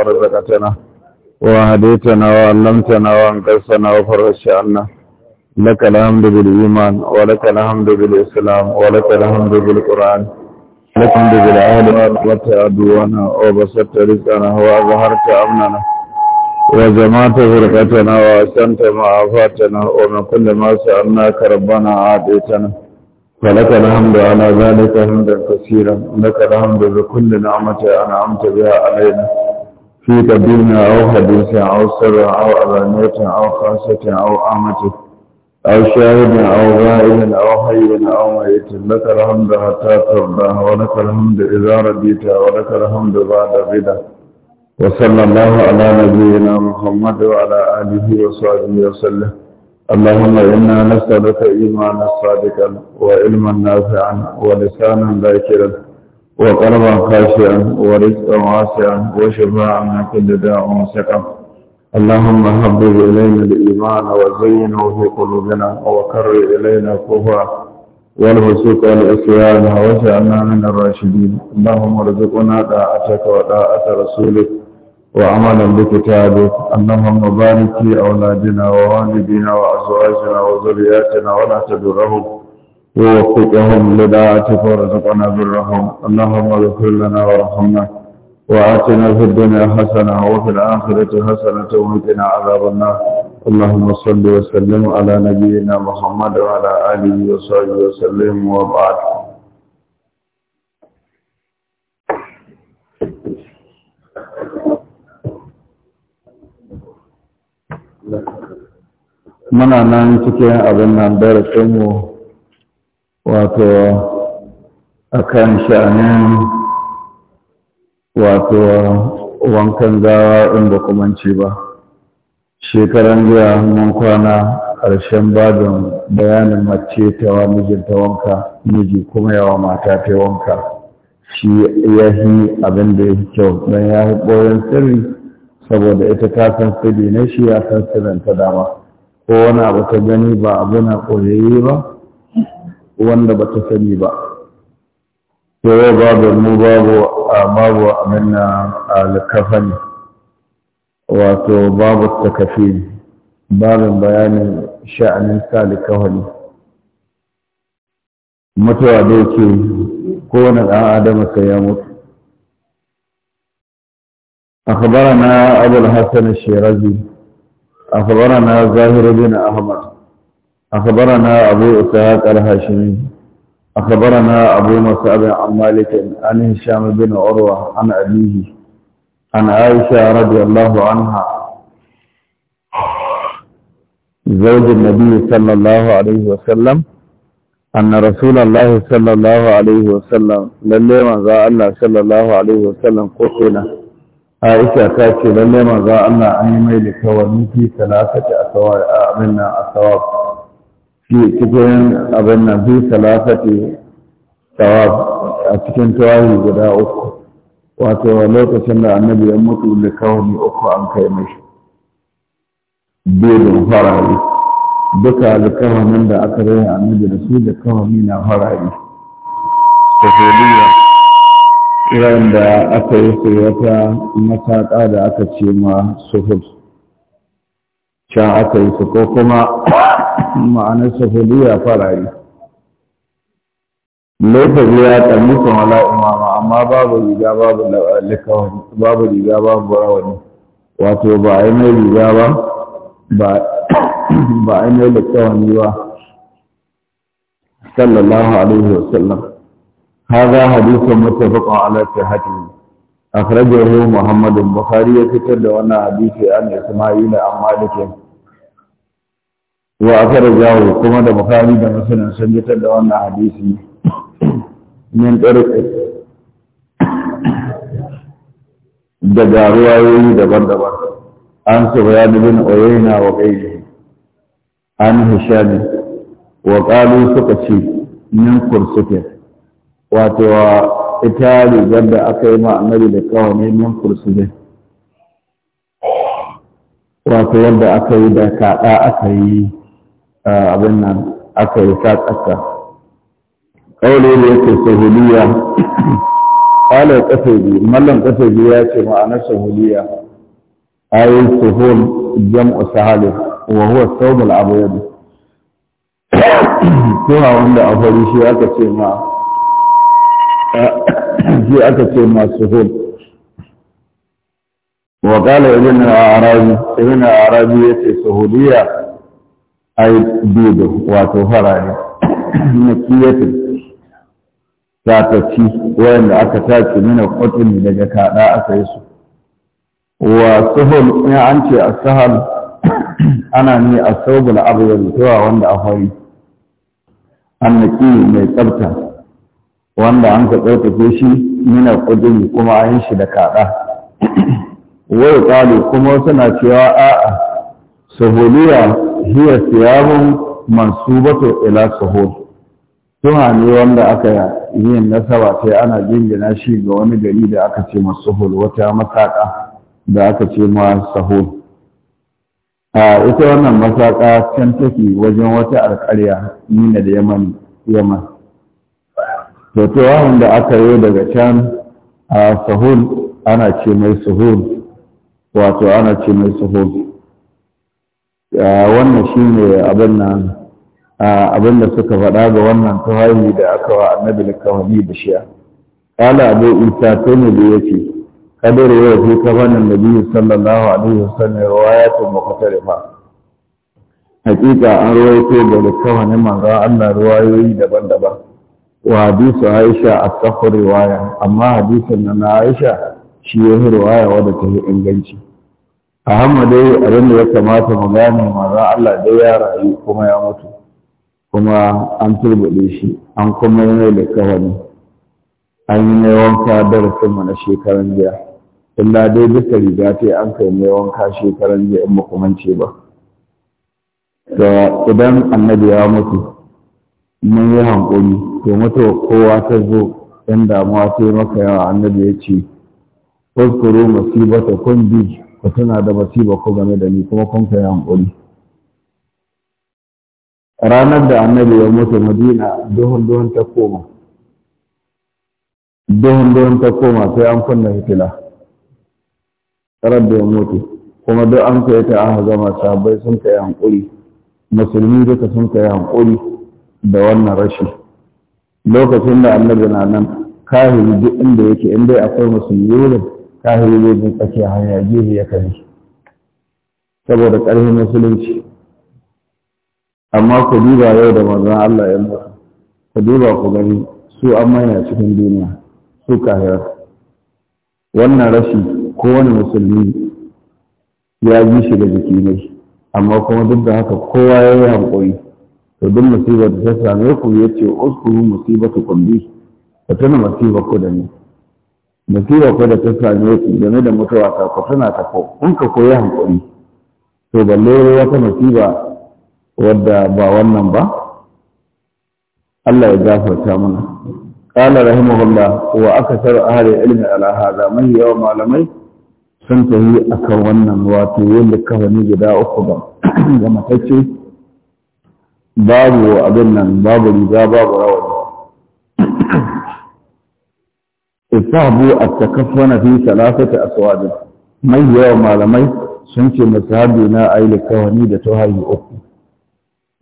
ورزقتنا وهديتنا وعلمتنا وانقذتنا وفرجت عنا لك الحمد بالإيمان ولك الحمد بالإسلام ولك الحمد بالقرآن لك الحمد بالأهل وأطلت أدوانا وبسطت رزقنا وأظهرت أمننا وجمعت فرقتنا وأحسنت معافاتنا ومن كل ما سألناك ربنا عاديتنا فلك الحمد على ذلك حمدا كثيرا لك الحمد بكل نعمة أنعمت بها علينا في قديم أو حديث أو سر أو أبانية أو خاصة أو أمة أو شاهد أو غائب أو حي أو ميت لك الحمد حتى ترضى ولك الحمد إذا رضيت ولك الحمد بعد غدا وصلى الله على نبينا محمد وعلى آله وصحبه وسلم اللهم إنا نسألك إيمانا صادقا وعلما نافعا ولسانا ذاكرا وقلبا خاشعا ورزقا واسعا وشفاعا من كل داء وسقم اللهم حبب إلينا الإيمان وزينه في قلوبنا وكرر إلينا الكفر والفسوق والعصيان واجعلنا من الراشدين اللهم ارزقنا طاعتك وطاعة رسولك وعملا بكتابك اللهم بارك في أولادنا ووالدينا وأزواجنا وذرياتنا ولا تدرهم ووفقهم لداعة وارزقنا برهم اللهم اغفر لنا وارحمنا وآتنا في الدنيا حسنة وفي الآخرة حسنة وقنا عذاب النار اللهم صل وسلم على نبينا محمد وعلى آله وصحبه وسلم وبعد muna nan cikin abin nan darasinmu wato akan sha'anin wato wankan gawa in ba kumanci ba shekaran jiya mun kwana ƙarshen bajin bayanin mace ta wa mijinta wanka miji kuma yawa mata ta wanka shi ya yi abin da ya fi kyau don ya yi ɓoyon sirri saboda ita ta san sirri na shi ya san sirrin dama ko wani abu ta gani ba abu na koyayye ba wanda ba ta sani ba yau babu mu babu a babu manna a alkafani wato babu takafi babin bayanin sha'anin sa alkafani mutuwa da yake kowane ɗan adam sai ya mutu أخبرنا أبو الحسن الشيرازي أخبرنا زاهر بن أحمد أخبرنا أبو إسحاق الهاشمي أخبرنا أبو مصعب عن مالك عن هشام بن عروة عن أبيه عن عائشة رضي الله عنها زوج النبي صلى الله عليه وسلم أن رسول الله صلى الله عليه وسلم للي من ذا الله صلى الله عليه وسلم قتل عائشة تاكي للي من ذا الله أن يميلك ونيتي ثلاثة أثواب أمنا أثواب fi cikin abin nan fi salafati a cikin tawahi guda uku wato lokacin da annabi ya mutu da kawai uku an kai mashi bedin farari duka alkawamin da aka rai annabi da su da kawai na farari tafiliya irin da aka yi su wata mataka da aka ce ma sufus can aka yi su ko kuma ma'anar shahuliya farari lokaci ya tsammi sun wala imama amma babu riga babu likawani babu riga babu rawani wato ba a yi mai riga ba ba a yi mai likawani ba sallallahu alaihi wasallam هذا حديث متفق على صحته أخرجه محمد البخاري يكتب لنا حديث عن إسماعيل عن مالك wa akhrajahu kuma da bukari da masana sun fitar da wannan hadisi min da garuwa yoyi daban-daban an su ya bin uyayna wa ne. an hishami wa ƙalu suka ce min kursuke wato wa Itali yadda aka yi ma'amari annabi da kawane min kursuke wato wanda aka yi da kaɗa aka yi abin nan aka yi ta tsaka ƙaure ne yake sahuliya ƙwale ƙasabi mallan ƙasabi ya ce ma'anar sahuliya ayi suhul jam'u sahalin wa huwa saumul abyad tuha wanda a fari shi aka ce ma shi aka ce ma suhul وقال ابن عربي ابن عربي يتي سهولية ai bidu wato farare na ta tatacci wanda aka tace mina kwatini daga kada aka yi su wa suhul ya an ce asahal ana ne a saubul abubuwan zuwa wanda a fari naki mai tsabta wanda an ka tsarkake shi mina kwatini kuma an yin shi da kada wai kalu kuma suna cewa a'a sahuliya hiya siyabun mansubatu ila suhud tuha wanda aka yin nasaba ta ana jingina shi ga wani gari da aka ce masuhul wata masaka da aka ce ma sahul a ita wannan masaka can take wajen wata alƙarya nina da yaman yaman da aka yi daga can a sahul ana ce mai suhul wato ana ce mai wannan shi ne abin da suka faɗa ga wannan tuhari da aka wa annabi likawani da shiya ƙala abu isa ta ne da ya ce kadar yau fi kafanin nabi sallallahu alaihi wasallam riwayatun muqtarifa hakika an rawaito da likafanin manzon Allah ruwayoyi daban-daban wa hadisu Aisha a sahih riwaya amma hadisin na Aisha shi ya riwaya wadda ta yi inganci a dai abin da ya kamata mu gane za Allah dai ya rayu kuma ya mutu kuma an turbuɗe shi an kuma yi mai likawani an yi mai wanka darasinmu na shekaran jiya illa dai duka riga ta an kai mai wanka shekaran jiya in makamance ba da idan annabi ya mutu mun yi hankuli to mutu kowa ta zo yan damuwa ta yi maka yawa annabi ya ce kuskuru masibata kun bi ku tuna da masiba ku game da ni kuma kun kai hankuli ranar da annabi ya mutu madina duhun duhun ta koma duhun duhun ta koma sai an kunna hitila tarar da ya mutu kuma duk an kai ta aka gama sabai sun kai hankuri musulmi duka sun kai hankuri da wannan rashi lokacin da annabi na nan kahin duk inda yake inda akwai musulmi wurin kahiri zai bin tsakiya hanya gehe ya kare saboda ƙarfin musulunci amma ku duba yau da manzon Allah ya mutu ku duba ku gani su an maina cikin duniya su kahira wannan rashi kowane musulmi ya ji shi da jiki ne amma kuma duk da haka kowa ya yi hankali to duk musibar da ta same ku ya ce uskuru musibatu kun bi ka tuna musibar ku da ni musiba ko da ta same ku game da mutuwa ta tana ta ko in ka koyi hankali to balle wata musiba wadda ba wannan ba Allah ya gafarta mana qala rahimahullah wa akthar ahli ilmi ala hada man yawm malamai sun tayi akan wannan wato yanda wani guda uku ba ga matacce babu abin nan babu riga babu istahabu at-takaffana fi salasati aswad mai yawa malamai sun ce musahabi na a yi likawani da tawayi uku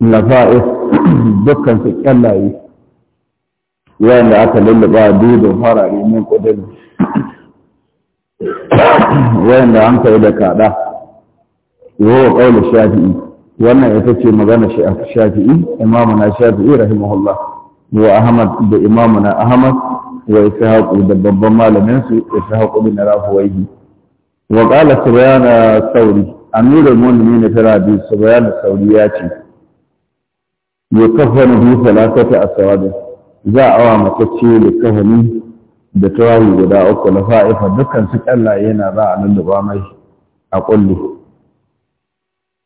lafa'is dukkan su kallaye wanda aka lullaba dudun farare min kudin wanda an kai da kada yawon ƙaunar shafi'i wannan ita ce magana shafi'i imamuna shafi'i rahimahullah wa ahmad da imamuna ahmad wa ishaqu da babban malamin su ishaqu bin rahuwayi wa qala subyan sauri amirul mu'minin fi rabi subyan sauri ya ce kafana bi salatati aswad za a wa matacce da kahani da tawali guda uku na fa'ifa dukkan su kalla yana za a nan da ba mai a kullu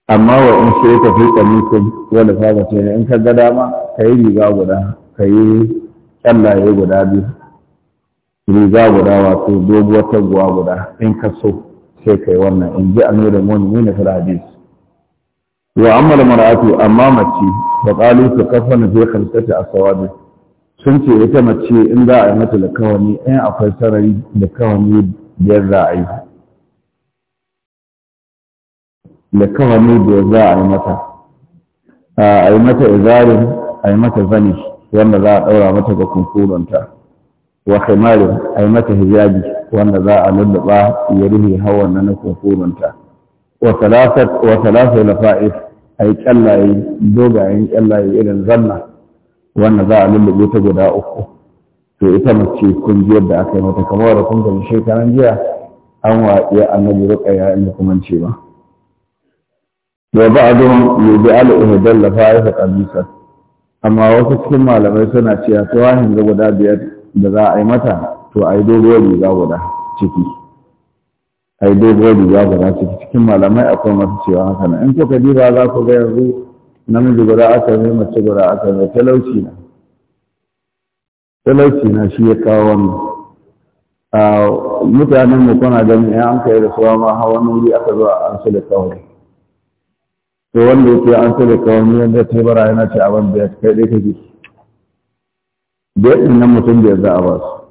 amma wa in shi ka fi kamikin wani fagata ne in ka ga dama ka yi riga guda ka yi kyallaye guda biyu riga guda wato doguwar taguwa guda in ka so sai kai wannan in ji amirin mu'minin na fil hadis wa amma da mar'atu amma mace da qalu ta kafana fi khalqati aswadi sun ce ita mace in za a yi mata kawani in akwai sarari kawani biyar za a yi kawani biyar za a yi mata a yi mata izarin a yi mata zani wanda za a ɗaura mata ga kunkuranta wa khimarin ai mata hijabi wanda za a lulluɓa ya rufe hawan na na kokorunta wa Fa'is a yi kyallaye dogayen kyallaye irin zanna wanda za a lulluɓe ta guda uku to ita mace kun da yadda aka yi mata kamar da kun gani shekaran jiya an waɗe annabi ruƙaya inda kuma ce ba wa ba'dhum yud'alu ihdal lafa'if qamisa amma wasu cikin malamai suna cewa tawahin ga guda biyar da za a yi mata to a yi dogon riga guda ciki a yi dogon riga guda ciki cikin malamai akwai masu cewa haka nan in kuka diba za ku ga yanzu namiji guda aka yi mace guda aka yi talauci na talauci na shi ya kawo wannan mutanen mu kuna ganin ya an kai da suwa ma hawa wuri aka zo an shi da kawai to wanda yake an shi da kawai ne wanda ta bara yana ce abin da ya kai dai kake biyar nan mutum ya za a ba su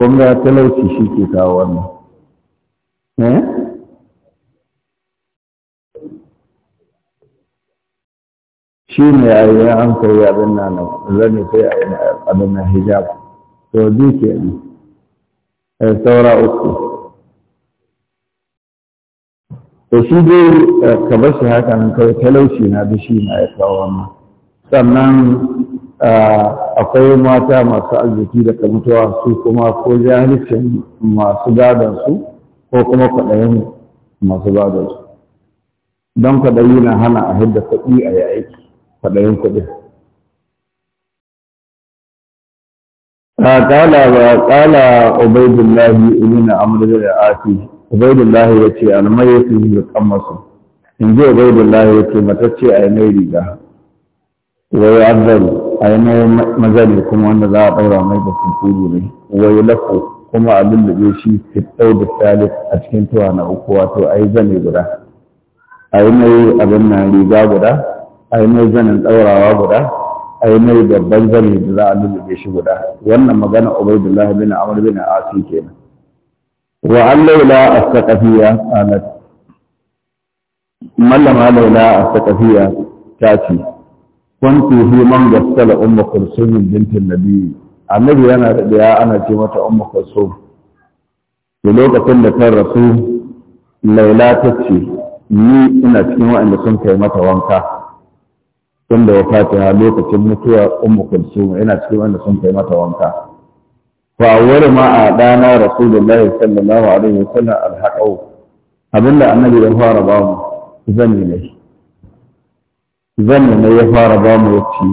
ƙunga talauci shi ke kawo wannan eh? shi ne a yi an kai abin nan zane sai a yi abin nan hijab to zai ke nan eh, saura uku to shi dai eh, ka bar shi hakan kai talauci na da shi na ya kawo wannan sannan Ah, akwai mata masu arziki da kamutuwa su kuma ko jahilcin masu gadon su ko kuma kwaɗayin masu gadon su don kwaɗayi na hana a hidda kuɗi a yayi kwaɗayin kuɗi a ah, kala ba kala ubaidullahi ibn amr bin ati ubaidullahi yace yi da qamasu in ji ubaidullahi yace mata ce ai mai riga wa ya'dhan a yanayin mai mazari kuma wanda za a ɗaura mai da kunkuru ne wai lafo kuma a lullube shi ɗau da salif a cikin tuwa na uku wato a yi zane guda a yi mai abin na riga guda a yi mai zanen ɗaurawa guda a yi mai babban zane da za a lullube shi guda wannan magana ubaidullahi bin amr bin asi kenan wa an laula a mallama laula a ta ce kuntu fi man gassala ummu kulsum bintin nabi annabi yana da ya ana ce mata ummu kulsum da lokacin da kan rasu laila ta ce ni ina cikin waɗanda sun kai mata wanka tun da a lokacin mutuwa ummu kulsum ina cikin waɗanda sun kai mata wanka fa awwal ma a adana rasulullahi sallallahu alaihi wasallam alhaqau abinda annabi ya fara ba mu zani ne zanna ne ya fara ba mu yace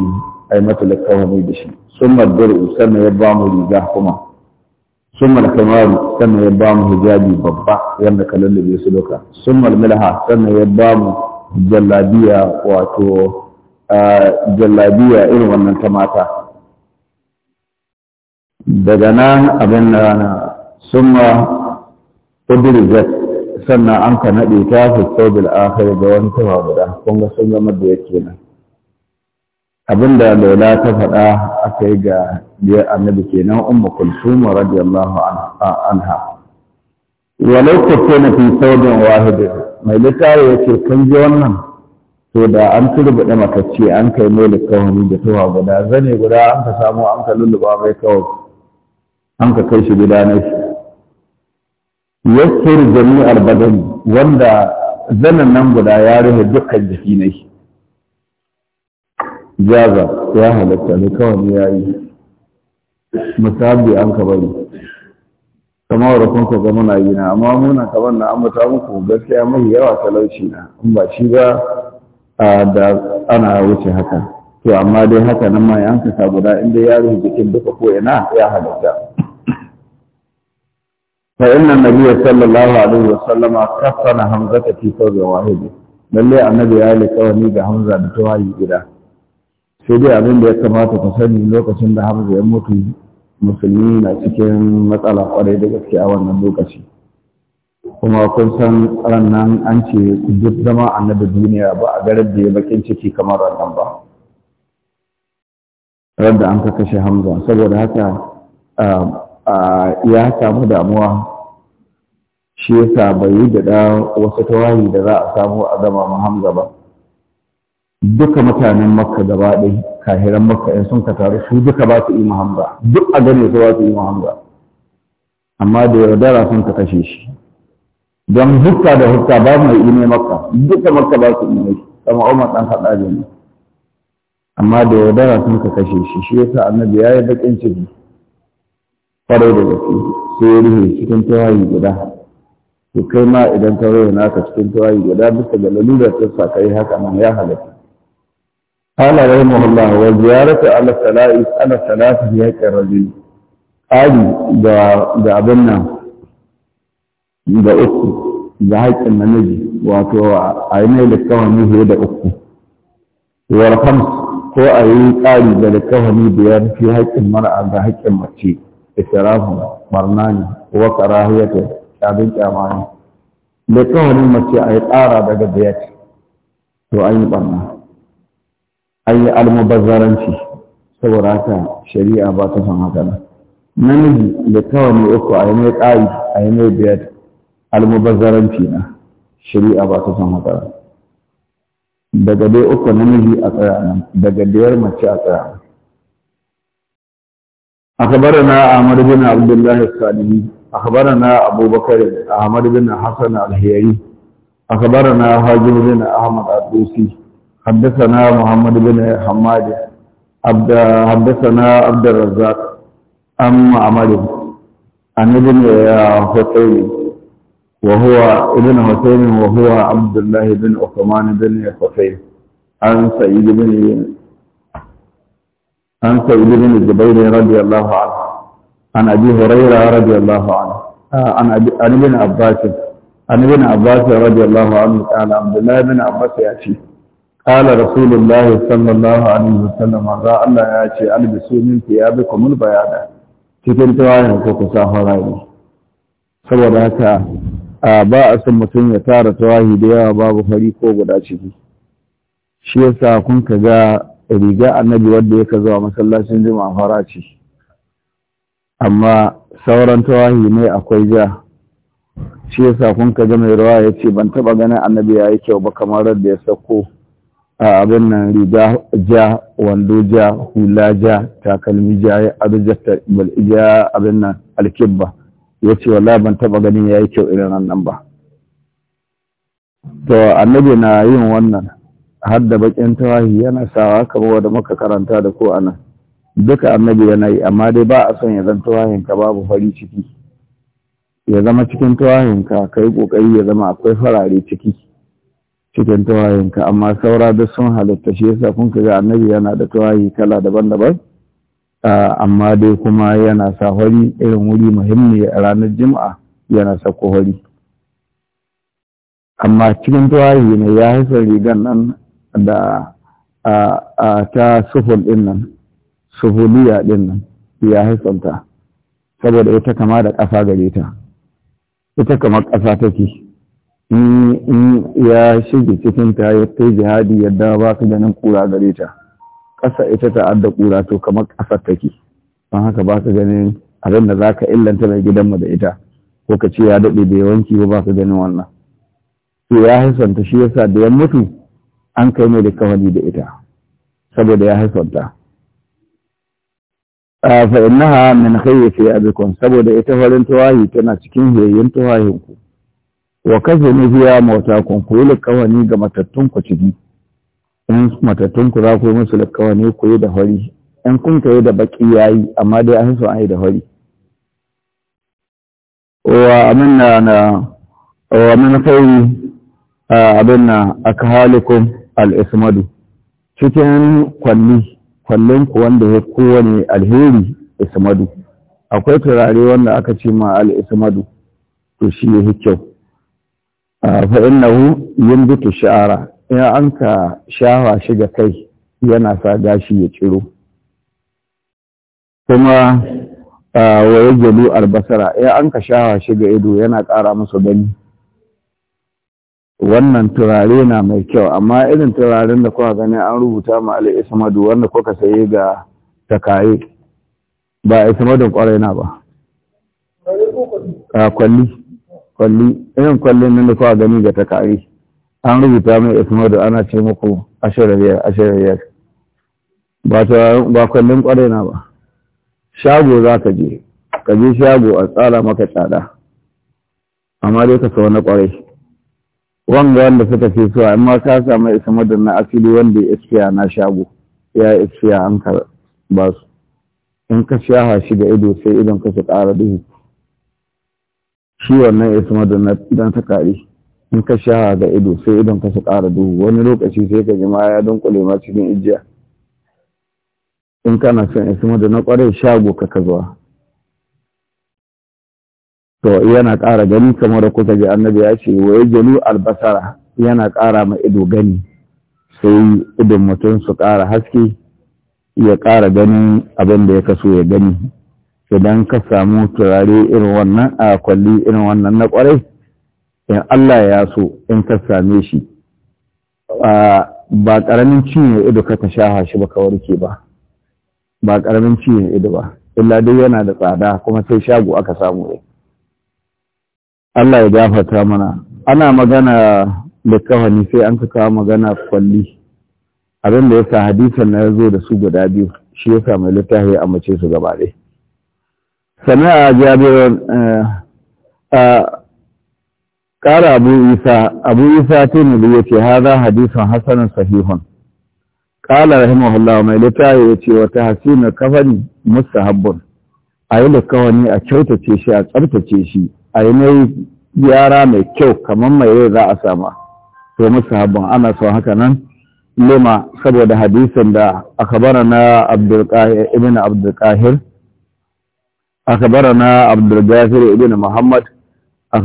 ai mata lakawani da shi summa dur'u sannan ya ba mu riga kuma summa kamaru sannan ya ba mu hijabi babba wanda kalan da bai su doka summa milha sannan ya ba mu jallabiya wato jallabiya irin wannan ta mata daga nan abin na summa udrizat sannan an ka naɗe ta fi tsobil akhir ga wani kuma guda kun sun zama da yake nan abin da lola ta faɗa aka yi ga biyar annabi kenan umma kulsum radiyallahu anha walau na fi thawbin wahid mai ya ce kan ji wannan to da an turbuɗe makacci an kai mai likawani da tuwa guda zane guda an ka samu an ka ba mai kawai an ka kai shi gida na shi yassir jami'ar badani wanda zanen nan guda ya rufe dukkan jiki ne jaza ya halatta ne kawai ya yi musabi an ka bari kamar da kun ga muna yi na amma muna kamar na ambata muku gaskiya mai yawa talauci na in ba shi ba da ana wuce haka to amma dai haka nan ma yanka guda inda ya rufe jikin duka ko ina ya halatta فإن النبي صلى الله عليه Hamza كفن همزة في ثوب واحد lalle annabi ya yi ga hamza da tawayi gida sai dai abin da ya kamata ku sani lokacin da hamza ya mutu musulmi na cikin matsala kwarai da gaske a wannan lokaci kuma kun san rannan an ce duk zama annabi duniya ba a garar da ya bakin ciki kamar rannan ba radda an kashe hamza saboda haka ya samu damuwa shi yasa bai yi da wasu tawayi da za a samu a gama Muhammadu ba duka mutanen makka gaba ɗai kahiran makka in sun ka taru su duka ba su yi Muhammadu duk a gane su ba su yi Muhammadu amma da yaudara sun ka kashe shi don hukka da hukka ba mai ime makka duka makka ba su ime shi kama umar ɗan haɗa ne amma da yaudara sun ka kashe shi shi yasa annabi ya yi baƙin ciki kwarai da gaske sai ya rufe cikin tawayi guda to kai ma idan ka rufe naka cikin tawayi guda bisa ga lalurar ta kai haka nan ya halatta قال رحمه الله وزيارة على ala على الثلاث هي كالرجل قال دا abin nan da uku da haƙƙin namiji wato a yi mai littafin da uku wal ko a yi ƙari da littafin biyar fi haƙƙin mara da haƙƙin mace israfin barna ne wa karahiyata abin kyama ne da kawalin mace a yi tsara daga biyar. to an yi barna an yi almubazzaranci saboda haka shari'a ba ta san haka namiji da kawani uku a yi mai ƙari a yi mai biyat almubazzaranci na shari'a ba ta san haka daga dai uku namiji a tsaya nan daga biyar mace a tsaya أخبرنا عمر بن عبد الله السالمي أخبرنا أبو بكر أحمد بن حسن الهيري أخبرنا حاجم بن أحمد الدوسي حدثنا محمد بن حماد عبد حدثنا عبد الرزاق أم عمر عن ابن حسين وهو ابن حسين وهو عبد الله بن عثمان بن حسين عن سيد بن عن سيد بن الزبير رضي الله عنه عن ابي هريره رضي الله عنه عن أبي عن ابن عباس عن ابن عباس رضي الله عنه قال عبد الله بن عباس ياتي قال رسول الله صلى الله عليه وسلم قال الله ياتي ألبسوا من ثيابكم البياض cikin tawayin ko ku sa farayi saboda haka a ba a san mutum ya tara tawahi da yawa babu fari ko guda ciki shi yasa kun ka ga riga annabi wadda ya ka zuwa masallacin juma'a fara ce amma sauran tawahi ne akwai ja shi sa kun ka ga mai rawa ya ce ban taba ganin annabi ya yi kyau ba kamar da ya sako a abin nan riga ja wando ja hula ja takalmi ja ya arjata ja abin nan alkibba ya ce wala ban taba ganin ya yi kyau irin nan ba to annabi na yin wannan har da bakin tawahi yana sawa kamar wanda muka karanta da ko anan duka annabi yana yi amma dai ba a son ya zan tawahin ka babu fari ciki ya zama cikin tawahin ka kai kokari ya zama akwai farare ciki cikin tawahin ka amma saura da sun halatta shi yasa kun ga annabi yana da tawahi kala daban-daban amma dai kuma yana sa hori irin wuri muhimmi a ranar jima'a yana sa ko hori amma cikin tawahi ne ya haifar rigan nan da a ta suful ɗin nan sufuliya ɗin nan ya haifanta saboda ita kama da ƙasa gare ta ita kama ƙasa take in ya shige cikin ta ya kai jihadi yadda ba ka ganin kura gare ta ƙasa ita ta adda kura to kama ƙasar take don haka ba ka ganin abin da za ka illanta mai gidanmu da ita ko ka ce ya daɗe bai wanki ba ba ka ganin wannan to ya haifanta shi yasa da ya mutu an kai mai kawani da ita saboda ya haifanta a ha min a bikon. saboda ita farin tawahi tana cikin hiyayen tawahin Wa wa kafinu biya mawtakum ku likawani ga matattun ku ciki in matattun ku za ku yi musu likawani ku yi da hori in kun ka yi da baki yayi amma dai an so an yi da hori wa amin na na, wa min khayyi abinna akhalikum al'ismadu cikin kwalli kwallon ku wanda ya kowane alheri ismadu akwai turare wanda aka ce ma al'ismadu to shi ya kyau fa'in na hu yin duka sha'ara ya an ka shawa shi ga kai yana sa gashi ya ciro kuma wa ya albasara Ya an ka shawa shi ga ido yana ƙara masa gani wannan turare na mai kyau amma irin turaren da kuka gani an rubuta ma Ali Ismadu wanda kuka saye ga takaye ba Ismadun kwarai na ba a kwalli kwalli irin kwallin nan da kuka gani ga takaye an rubuta mai Ismadu ana ce muku ashirariyar ashirariyar ba ba kwallin kwarai na ba shago za ka je ka je shago a tsara maka tsada amma dai ka sa wani kwarai wanga wanda suka ce suwa, amma ka samu isa na asili wanda ya iskiya na shago ya iskiya an ka ba su in ka shaha shi da ido sai idon ka su ƙara duhu shi wannan isa na don ta kari in ka shaha da ido sai idon ka su ƙara duhu wani lokaci sai ka jima ya dunkule ma cikin ijiya in kana son isa na kwarai, shago ka ka zuwa to yana ƙara gani kamar da kusa ji annabi ya ce wa gani albasara yana ƙara ma ido gani sai idon mutum su ƙara haske ya ƙara ganin abin da ya kaso ya gani idan ka samu turare irin wannan a kwalli irin wannan na ƙwarai in Allah ya so in ka same shi ba ƙaramin ciwon ido ka ta shaha shi ba ka warke ba ba ƙaramin ciwon ido ba illa dai yana da tsada kuma sai shago aka samu ne Allah ya gafata mana ana magana da kawani sai an kawo magana kwalli abin da yasa hadisan na yazo da su guda biyu shi yasa mai littafi a mace su gaba dai sana'a jabirin kara eh, abu isa abu isa tunulu ya ce haza hadisan hasanin sahihun ƙala rahimahullah mai littafi ya ce wata hasina kafani musta habbun a yi likawani a kyautace shi a tsabtace shi a yi mai yara mai kyau kamar mai rai za a sama to musu habban ana son haka nan lima saboda hadisin da aka bara na ibn abdulkahir bara na abdulgafir ibn muhammad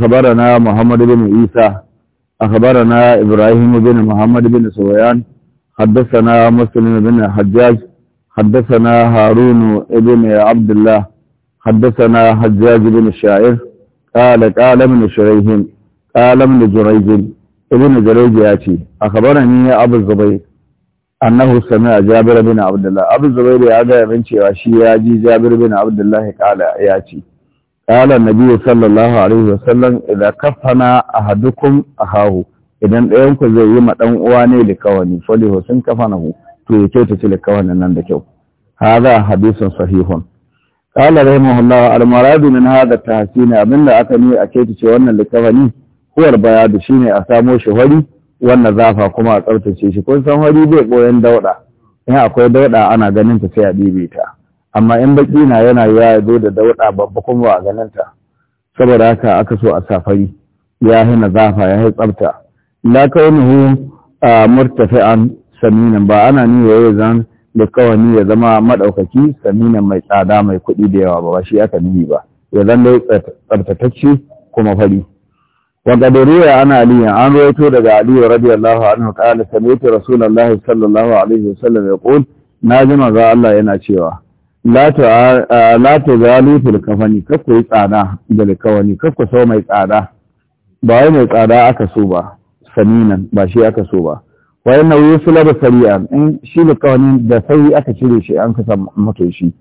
bara na muhammad ibn isa bara na ibrahim ibn muhammad ibn na حدثنا مسلم بن حجاج حدثنا هارون Ibn عبد الله حدثنا حجاج بن الشاعر قال قال ابن شريح قال ابن جريج ابن جريج ياتي اخبرني يا ابو الزبير انه سمع جابر بن عبد الله ابو الزبير يا من شيوا شيواشي ياجي جابر بن عبد الله قال ياتي قال النبي صلى الله عليه وسلم اذا كفنا احدكم أخاه idan ɗayanku zai yi ma ɗan uwa ne likawani falihu sun kafanahu to ya kyautace likawanin nan da kyau hadha hadisun sahihun qala rahimahullah al-maradu min hadha tahsin abinda aka ne a kai wannan wannan likafani huwar bayadu shine a samo shi hari wannan zafa kuma a tsaftace shi kun san hari bai koyan dauda in akwai dauda ana ganin ta sai a ɗibe ta amma in baki na yana yiwa ya zo da dauda babba kuma ba a ganin ta saboda haka aka so a safari ya hina zafa ya tsafta la kaunuhu murtafi'an saminan ba ana ni yayi zan da kawani ya zama maɗaukaki samina mai tsada mai kuɗi da yawa ba shi aka nuni ba ya zan dai tsartatacce kuma fari da ruwa ana aliyu an rawaito daga aliyu radiyallahu anhu qala sami'tu rasulullahi sallallahu alaihi wasallam yaqul na ji manzo Allah yana cewa la ta la ta zalu fil kafani kakku tsada da likawani kakku so mai tsada ba wai mai tsada aka so ba saminan ba shi aka so ba wa yana sula da sari'a in shi da kawani da sauri aka cire shi an kasa mutum shi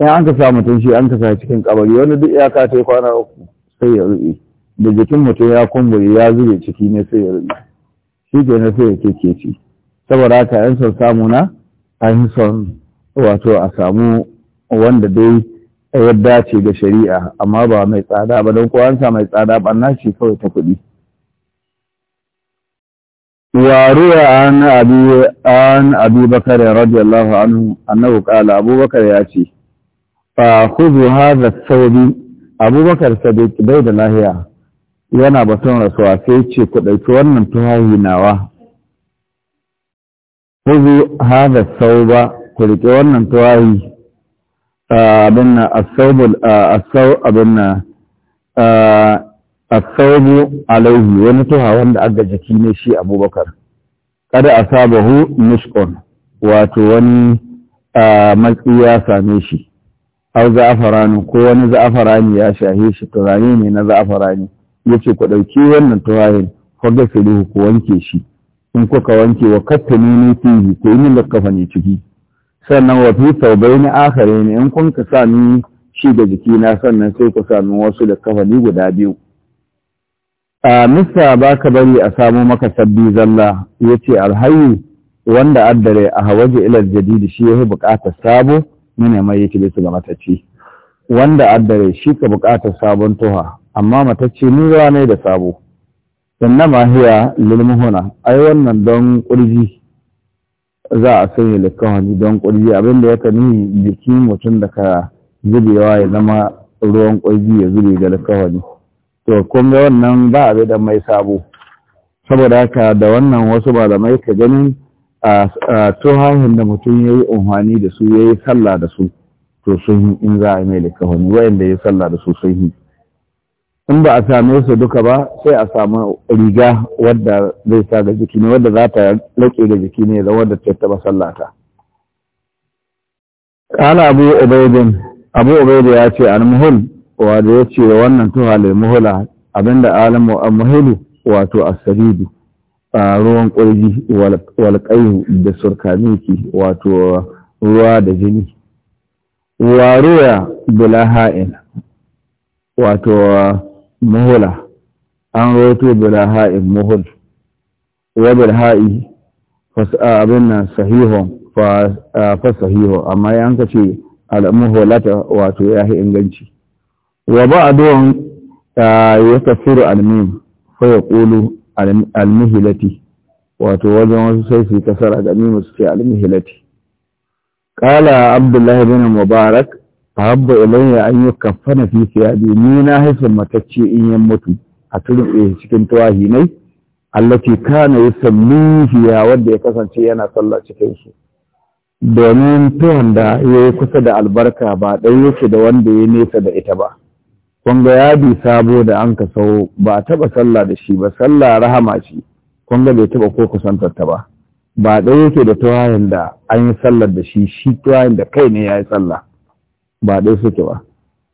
in an kasa mutum shi an kasa cikin kabari wani duk iyaka ta kwana uku sai ya rufe da jikin mutum ya kumbure ya zube ciki ne sai ya rufe shi ke na sai ya keke ci saboda haka yan son samu na an son wato a samu wanda dai ya dace ga shari'a amma ba mai tsada ba don kowansa mai tsada na ce kawai ta kuɗi وروى عن أبي, عن أبي بكر رضي الله عنه أنه قال أبو بكر يأتي فأخذ هذا الثوب أبو بكر صديق بيد الله يا yana batun rasuwa sai ce ku ɗauki wannan tuhahi nawa huzu hada sauba ku riƙe wannan tuhahi abin asawu alaihi wani tuha wanda aga jiki ne shi abubakar kada asabahu nushqun wato wani matsi ya same shi aw za'afaranu ko wani za'afarani ya shahe shi turare ne na za'afarani yace ku ɗauki wannan turare ku gasiru ku wanke shi in kuka wanke wa kattani ne fihi ko in da kafa ciki sannan wa fi saubaini akhari ne in kun ka sa shi ga jiki na sannan sai ku sa wasu da kafa guda biyu a mista ba ka bari a samu maka sabbi zalla ya ce alhayu wanda addare a hawaje ilar jadidi shi ya fi bukatar sabo mana mai yake bisa ga matacci wanda addare shi ka bukatar sabon tuha amma matacci ni ne da sabo innama hiya lil ai wannan don kurji za a sanya wani don kurji abinda yake ni jiki mutum da ka zubewa ya zama ruwan kurji ya zube ga likawani to kuma wannan ba a da mai sabo saboda haka da wannan wasu malamai ka ganin a tuhahin da mutum ya yi umarni da su ya yi sallah da su to sun yi in za a mai likahoni wayanda ya yi sallah da su sun yi in ba a same su duka ba sai a samu riga wadda zai sa da jiki ne wadda za ta laƙe da jiki ne da wadda ta taɓa sallata قال أبو عبيد أبو عبيد يأتي عن مهل wanda ya ce wa wannan tuha lilmuhula abinda alamu muhilu wato asadidu a ruwan ƙurji walƙayu da surkaniki wato ruwa da jini ruwa bila ha'in wato muhula an roto bila ha'in muhul wa bil ha'i abin na sahihon fa sahihon amma yanka ce al-muhulata wato ya inganci wa ba'dhum ah, yakfiru al almin fa ya al almihilati wato wajen wasu sai su yi kasar a gami su ce almihilati Ƙala abdullahi bin mubarak a habba ilayya an yi yukaffana fi thiyabi ni na haifin matacce in yi mutu a turin eh, cikin tawahi ne allati kana yi fiya wanda ya kasance yana sallah cikin su. domin tuwon da ya yi kusa da albarka ba ɗaya yake da wanda ya nesa da ita ba kun ga yadi sabo da an ka sau ba a taɓa sallah da shi ba sallah rahama ce kun ga bai taɓa ko kusantar ta ba ba da yake da tuwayen da an yi sallar da shi shi tuwayen da kai ne ya yi sallah ba ɗaya suke ba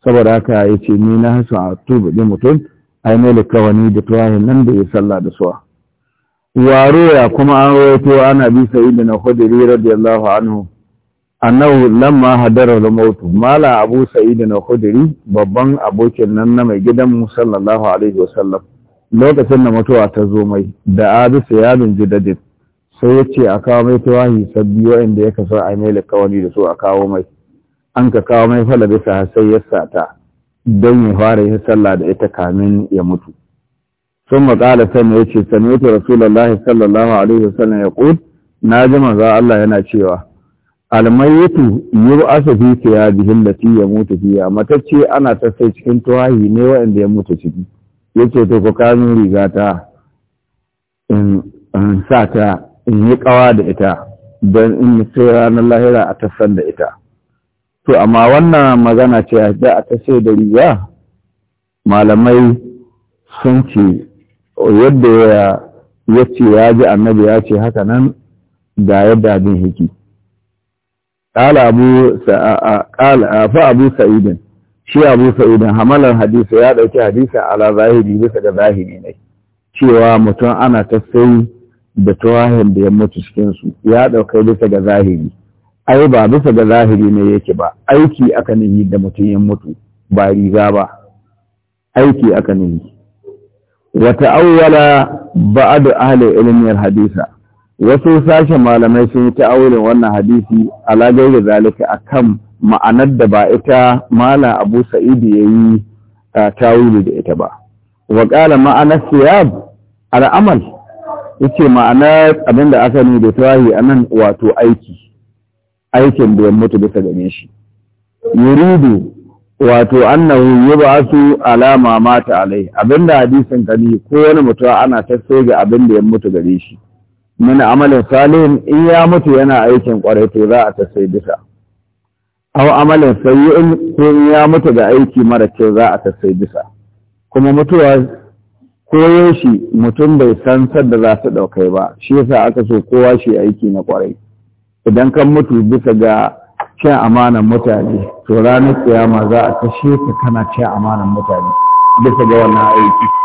saboda haka ya ce ni na hasu a ɗin mutum ai mai kawani da tuwayen nan da ya sallah da suwa waro ya kuma an rawaito ana bi sa'id na hudiri radiyallahu anhu annahu lamma hadara da mautu mala abu sa'id na khudri babban abokin nan na mai gidan mu sallallahu alaihi wa sallam. lokacin da mutuwa ta zo mai da abu sayalun jidadin sai ya ce a kawo mai tawahi sabbi inda ya kasa a mai likawani da su a kawo mai an ka kawo mai fala bisa sai ya sata don ya fara yin sallah da ita kamin ya mutu sun maƙala sai ya ce sannan ya rasulallah sallallahu alaihi wa sallam ya ƙud na ji manzo Allah yana cewa almayitu yub'asu fi thiyabihi allati yamutu fiha matacce ana sai cikin tawahi ne waɗanda ya mutu ciki yace to ku kano rigata in sa ta in yi kawa da ita dan in sai ranar lahira a tasar da ita to amma wannan magana ce da a tasai da riga malamai sun ce yadda ya ce ya ji annabi ya ce haka nan ga yadda bin hikima qala abu qala fa abu sa'id shi abu sa'id hamalan hadisi ya dauki hadisa ala zahiri bisa ga zahiri ne cewa mutum ana tasai da tawahin da ya mutu cikinsu ya dauka bisa ga zahiri ai ba bisa ga zahiri ne yake ba aiki aka nihi da mutum ya mutu ba riga ba aiki aka nihi wata awwala ba'd ahli ilmi al-hadisa wasu sashen malamai sun yi ta ta'awulin wannan hadisi ala da zalika kan ma'anar da ba ita mala abu sa'idi ya yi tawili da ita ba wa ƙala ma'anar siyab al'amal ce ma'anar abin da aka ne da tawahi a nan wato aiki aikin da ya mutu bisa gane shi yuridu wato annahu su alama mata alai abinda hadisin gani ko wani mutuwa ana ta ga abin da ya mutu gare shi min amalin salihin in ya mutu yana aikin kwarai to za a tasai bisa aw amalin sayyi'in ko in ya mutu da aiki mara kyau za a tasai bisa kuma mutuwa koyo shi mutum bai san sadda za su daukai ba shi yasa aka so kowa shi aiki na kwarai idan kan mutu bisa ga cin amanan mutane to ranar kiyama za a kashe ka kana cin amanan mutane bisa ga wannan aiki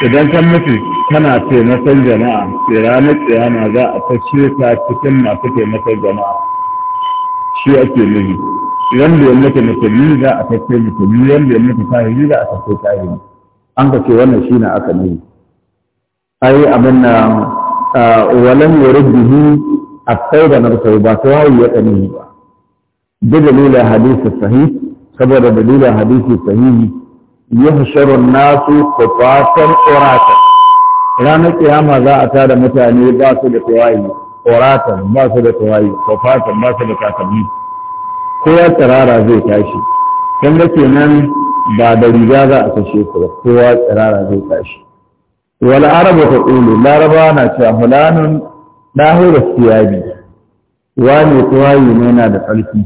idan kan mutu tana taimakon jama'a sai ranar tsayana za a fashe ta cikin masu taimakon jama'a shi ake nufi idan da yamma ta musulmi za a fashe musulmi idan da yamma ta tahiri za a fashe tahiri an ka ce wannan shi na aka nufi ai abin na walan yare bihi a tsaye da narsau ba ta wahayi ya ɗani ba da dalilin hadisi sahihi saboda dalilin hadisi sahihi yuhsharu nasu kufatan uratan ranar kiyama za a tada mutane ba su da tawayi uratan ba su da tawayi kufatan ba su da takalmi Kowa ya tsirara zai tashi kan da ke nan ba da riga za a kashe ku kowa tsirara zai tashi wal arabu taqulu laraba na cewa fulanun dahiru siyabi wani tawayi ne yana da tsarki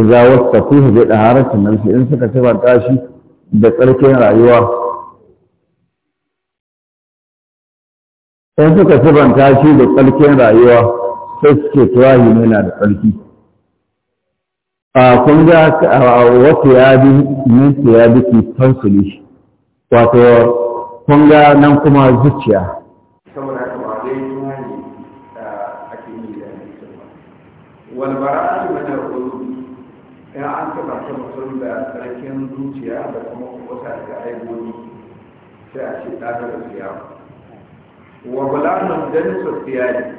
idza wasafuhu zai daharatin nan in suka sifanta shi da tsarkin rayuwa sai suka sifanta shi da tsarkin rayuwa sai suke tuwahi ne na da tsarki a kun ga wasu ya bi minsu ya bi ki tansuli wato kun ga nan kuma zuciya a cikin gidan wani bara in an taba ta mutum da tsarkin zuciya da kuma kusa da aibobi sai a ce ɗaga da siya wa bulanin dan sosiyali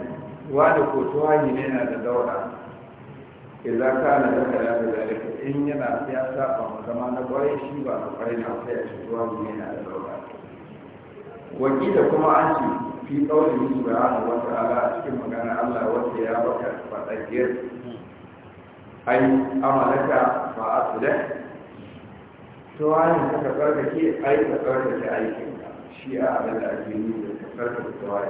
Wa da kotuwa ne na da daura iza ka na da kada da zalika in yana ya saba mu zama na kwarai shi ba na kwarai na sai a ce tuwayi ne na da daura da kuma an ce fi yin ƙaunin subhanahu wata ala a cikin magana Allah wacce ya baka faɗaƙiyar ai amalaka ma asula to wani ka karkar da ke ai ka karkar da tsarkake aikin shi a abin da ake yi da ka da tawaye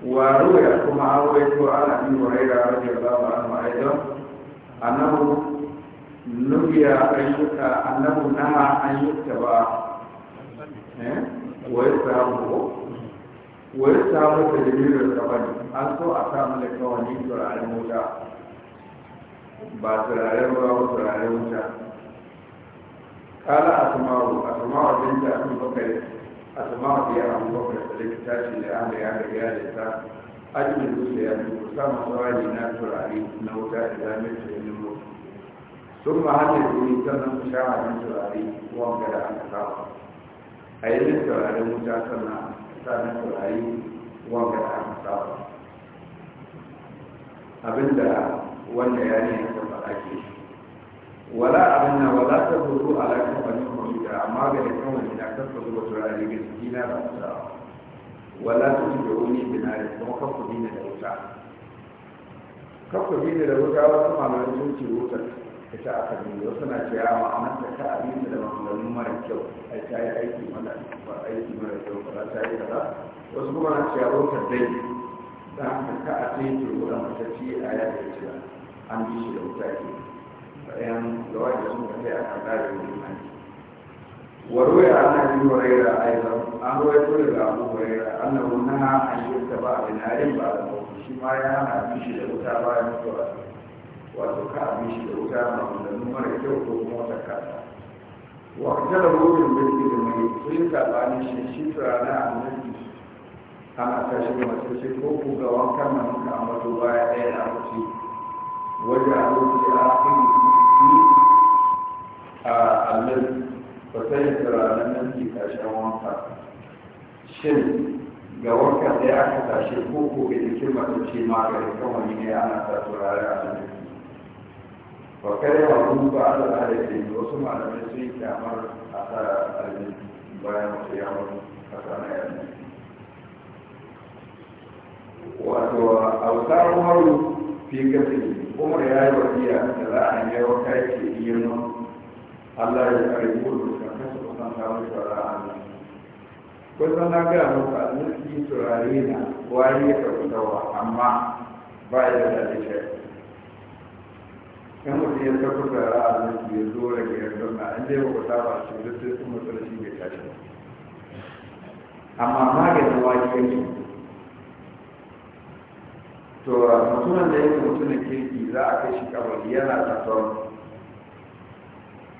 wa ruwa kuma an to ana yi wa bi huraira radiyallahu anhu aidan annahu nubiya ayyuka annahu naha an yuktaba eh wa yasabu wa yasabu tadbirul qabr an so a samu da kawani da a ba turaren ba ba turaren wuta kala asma'u asma'u binta abubakar asma'u ya abubakar sadiq ta shi da an da ya ga ya da ta ajin da ya ku sama tsawari na turare na wuta da zamir ta yin mutu sun ma hanyar kuri sannan ku sha hannun turare wanga da aka ba a yi turaren wuta sannan sannan turare wanga da aka ba abinda wanda ya ne da ba ake wala abinna wala ta zuru ala kafanin kwamfuta amma ga da wani na kasa zuwa turare ga jiki na da wuta wala ta ci da wani binari kuma kafa dina da wuta kafa dina da wuta wasu malamai sun ce wutar ta aka bi wasu na ce yawa a nan ta abinda da maganganun mara kyau a ta yi aiki mara ba aiki mara kyau ba ta yi kaza wasu kuma na ce dai ta dai ka a ce ki rubuta matacci a yadda da ita an bi shi da wuta ke bayan da wajen sun kafe a kakari da limani ya ana yi warwaya a yi zan an ruwa ya tura ga abu warwaya an na wunan ha an yi ta ba da narin ba da mafi shi ma ya hana bi shi da wuta ba ya mutu wato ka bi shi da wuta ma da numar kyau ko kuma wata kasa wakita da rubin birki da mai sun karɓani shi shi na a mulki ana tashi da masu shi ko kuka wankan na nuka a mato baya ɗaya na mutu وجعلوا في آخره الذي فسيطر على النبي كاشوان شيء ga wanka sai aka tashi koko ga jikin matacce magani kawai ne ana sa turare a nan ba kare wa mun ba ala alaƙi da wasu malamai sun yi kyamar a sa alaƙi bayan wasu yawon kasa na yanzu wato a wasu haru fi gasi umar ya yi wasiya da za a yi wa kai ke iya nun Allah ya kare ku da kasu kusan da shawara Allah kusan na gaya muku almuski turare na wari ya karɓi dawa amma ba ya da daɗin shafi kan mutum ya tafi da ra'ayin su ya zo da gayar zauna an dai ba saba shi da sai sun mutu da shi bai tashi amma maganin wani yanki to mutumin da yake mutumin kirki za a kai shi kabari yana tafon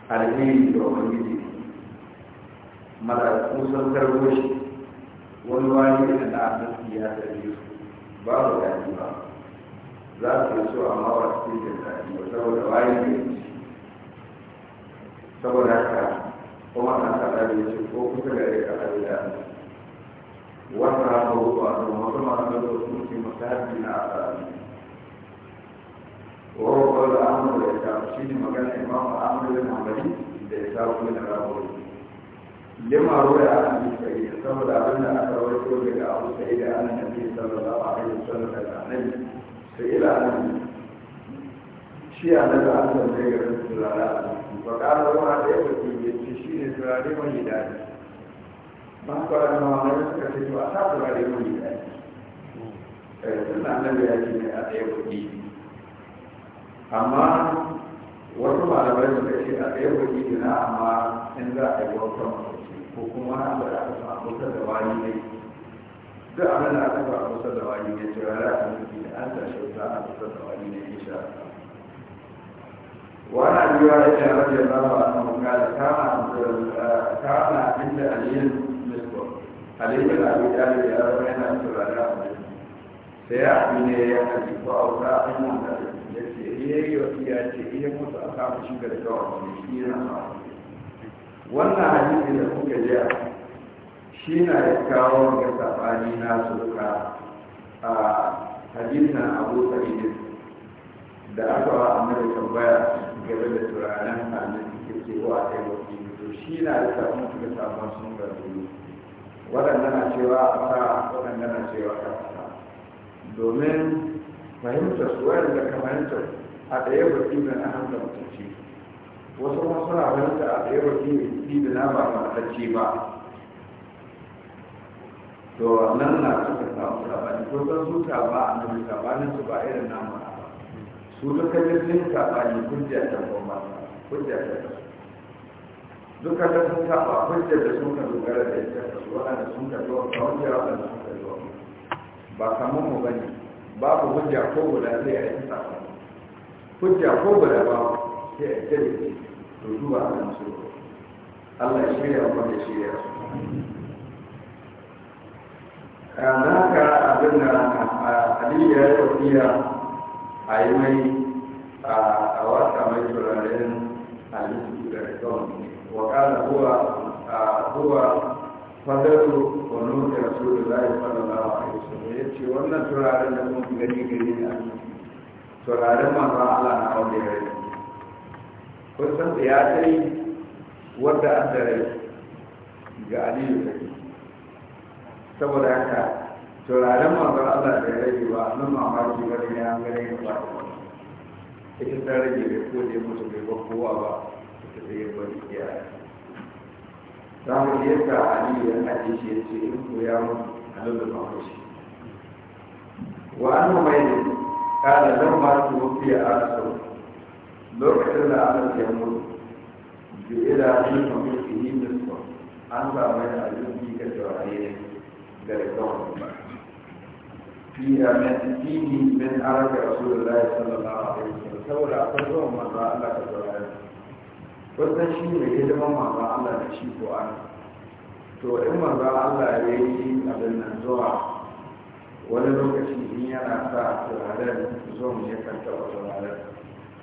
alheri da wani mala'iku sun karbo shi wani wani da na arziki ya tare su babu daɗi ba za su yi so amma ba su yi jin daɗi ba saboda wani da yanci saboda haka kuma kan kaɗa da yake ko kusa gare kaɗa da yanci wata rama ruwa da wata masu da sun ce masahabi na asali wawon kawai da amur da ita shi ne magana imam amur da mamari da ya sa kuma da ramuwa lima ruwa a cikin sai da saboda abin da aka rawaito daga abu sai da an nabi sallallahu alaihi wasallam da annabi sai ila annabi shi a nan da an san da garin turare a cikin bakar ruwa da ya wuce ya ce shi ne turare mai daɗi man kwara na wani suka ce a sa su bari mun yi suna nan da yaki ne a ɗaya kuɗi amma wasu malamai suka ce a ɗaya kuɗi ne na amma in za a yi wata mafi ko kuma wani abu da aka samu kusa da wani ne duk abin da aka samu kusa da wani ne cewa za a yi da an tashi wuta a kusa da wani ne in sha وعن ابي هريره رضي الله عنه قال كان كان عند علي عليه بن أبي طالب يا رب أنا أنصر على سيأتي لي يا أبي فأوصى أن أنصر yace iya yi wasiya ce iya eh, mutu a samu shi da kawai shi yana samu wannan hadisi da kuka ji shi na ya kawo ga sabani na suka a hadisin abu sa'idin da aka wa annabi tambaya game da turaren hannun ke cewa a yi wasiya to shi na ya samu ga sabon sun garguru waɗanda na cewa a sa waɗanda na cewa a sa domin fahimtar su da ka fahimtar a ɗaya ba da na hanga mutunci wasu kuma suna fahimta a ɗaya ba da na ba mutacce ba to nan na suka samu sabani ko san su ba a nan sabanin su ba irin namu ba su duka jirgin sabani hujja ta gwamnati hujja ta ba duka da sun saba hujjar da sun ka dogara da ita waɗanda sun ka zuwa ga hujja waɗanda sun ka zuwa ba kamar mu bane babu hujja ko guda zai yi yi ba, hujja ko guda ba sai a yi tare to duba a kan su Allah ya shirya wa da shirya su na ka abin da aliyu ya yi tafiya a yi mai a wata mai turaren aliyu da rikon ne وقال هو هو fadar wani da rasu da za a yi fadalawa a yi ya ce wannan turaren da kuma gani gani ne a turaren manzan Allah na wanda ya rai kusan da ya tsaye wadda an da rai aliyu da ke saboda haka turaren manzan Allah da ya rai ba nan mamaki wani ya gani ya ba ita ta rage da kodin mutu bai ba kowa ba za mu yadda ali ya aje shi ya ce in koya mu halal shi wa an mai ne kada lam ma tu a arso lokacin da aka ce mu da ila ni fa mu fi ni misfa an ba mai da azuki ka tawari ne ga don fi da min fihi min araka rasulullahi sallallahu alaihi wasallam saboda akwai zuwa manzo Allah ka tawari wannan shi ne zama manzan Allah da shi ko an to in manzan Allah ya yi abin nan zuwa wani lokaci in yana sa turaren zuwan ya kanta wa turaren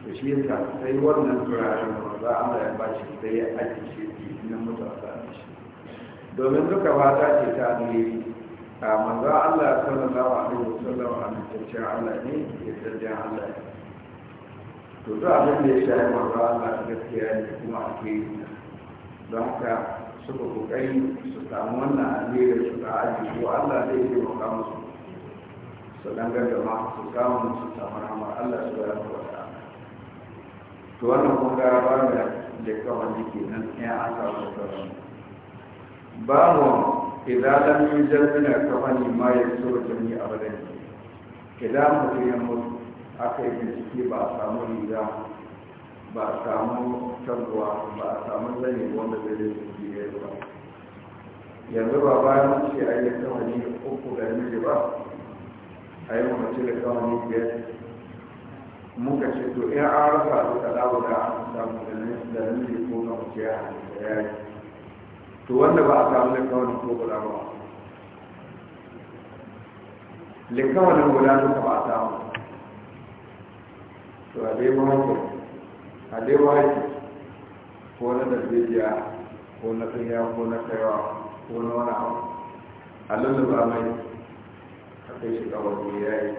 da shi yasa sai wannan turaren manzan Allah ya bashi sai ya ake shi na mutuwa shi domin duka mata ce ta alheri a manzan Allah sallallahu alaihi wasallam a mutaccen Allah ne ya tajjan Allah ne to duk abin da ya shafi manzo Allah gaskiya ne kuma a ke yi don haka suka kokari su samu wannan alheri su ka aji ko Allah zai yi wa kama su dangar da ma su samu su samu rama Allah su gara wa ta'ala to wannan kuma ga ba da da kawai jiki nan ya an samu sauran babu idan lam yujal min al-kafani ma yasuru jami'a badan idan mutum ya mutu aka yi bincike ba a samu riga ba a samu canzuwa, ba a samu zane wanda zai da su ya ba yanzu ba bayan ce a yi kawani uku da miji ba a yi mace da kawani biyar muka ce to in an rasa su ka dawo da an samu da miji ko na mace ya yi, da to wanda ba a samu da kawani ko guda ba likawanin guda duka ba a samu to a dai mako a dai waki ko na darbejiya ko na tsanya ko na kaiwa ko na wani abu a ba mai a kai shi kawai ya yi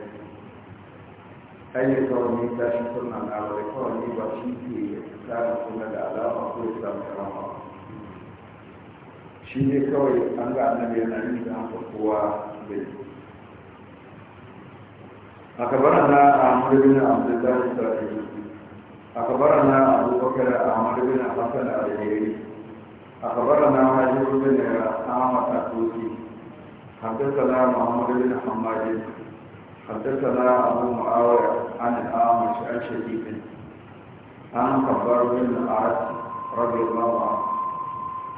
ayyar kawai ta shi suna wani kawai ba shi ke tsarin suna da alama ko ya samu karama shi ne kawai an ga annabi yana yin da haka da zai أخبرنا عمرو بن عبد الله الصالحي أخبرنا أبو بكر عمرو بن حسن الهيري أخبرنا هاجر بن أعمى الطوسي حدثنا محمد بن حماد حدثنا أبو معاوية عن الأعمش الشديد عن خبار بن الأعرج رضي الله عنه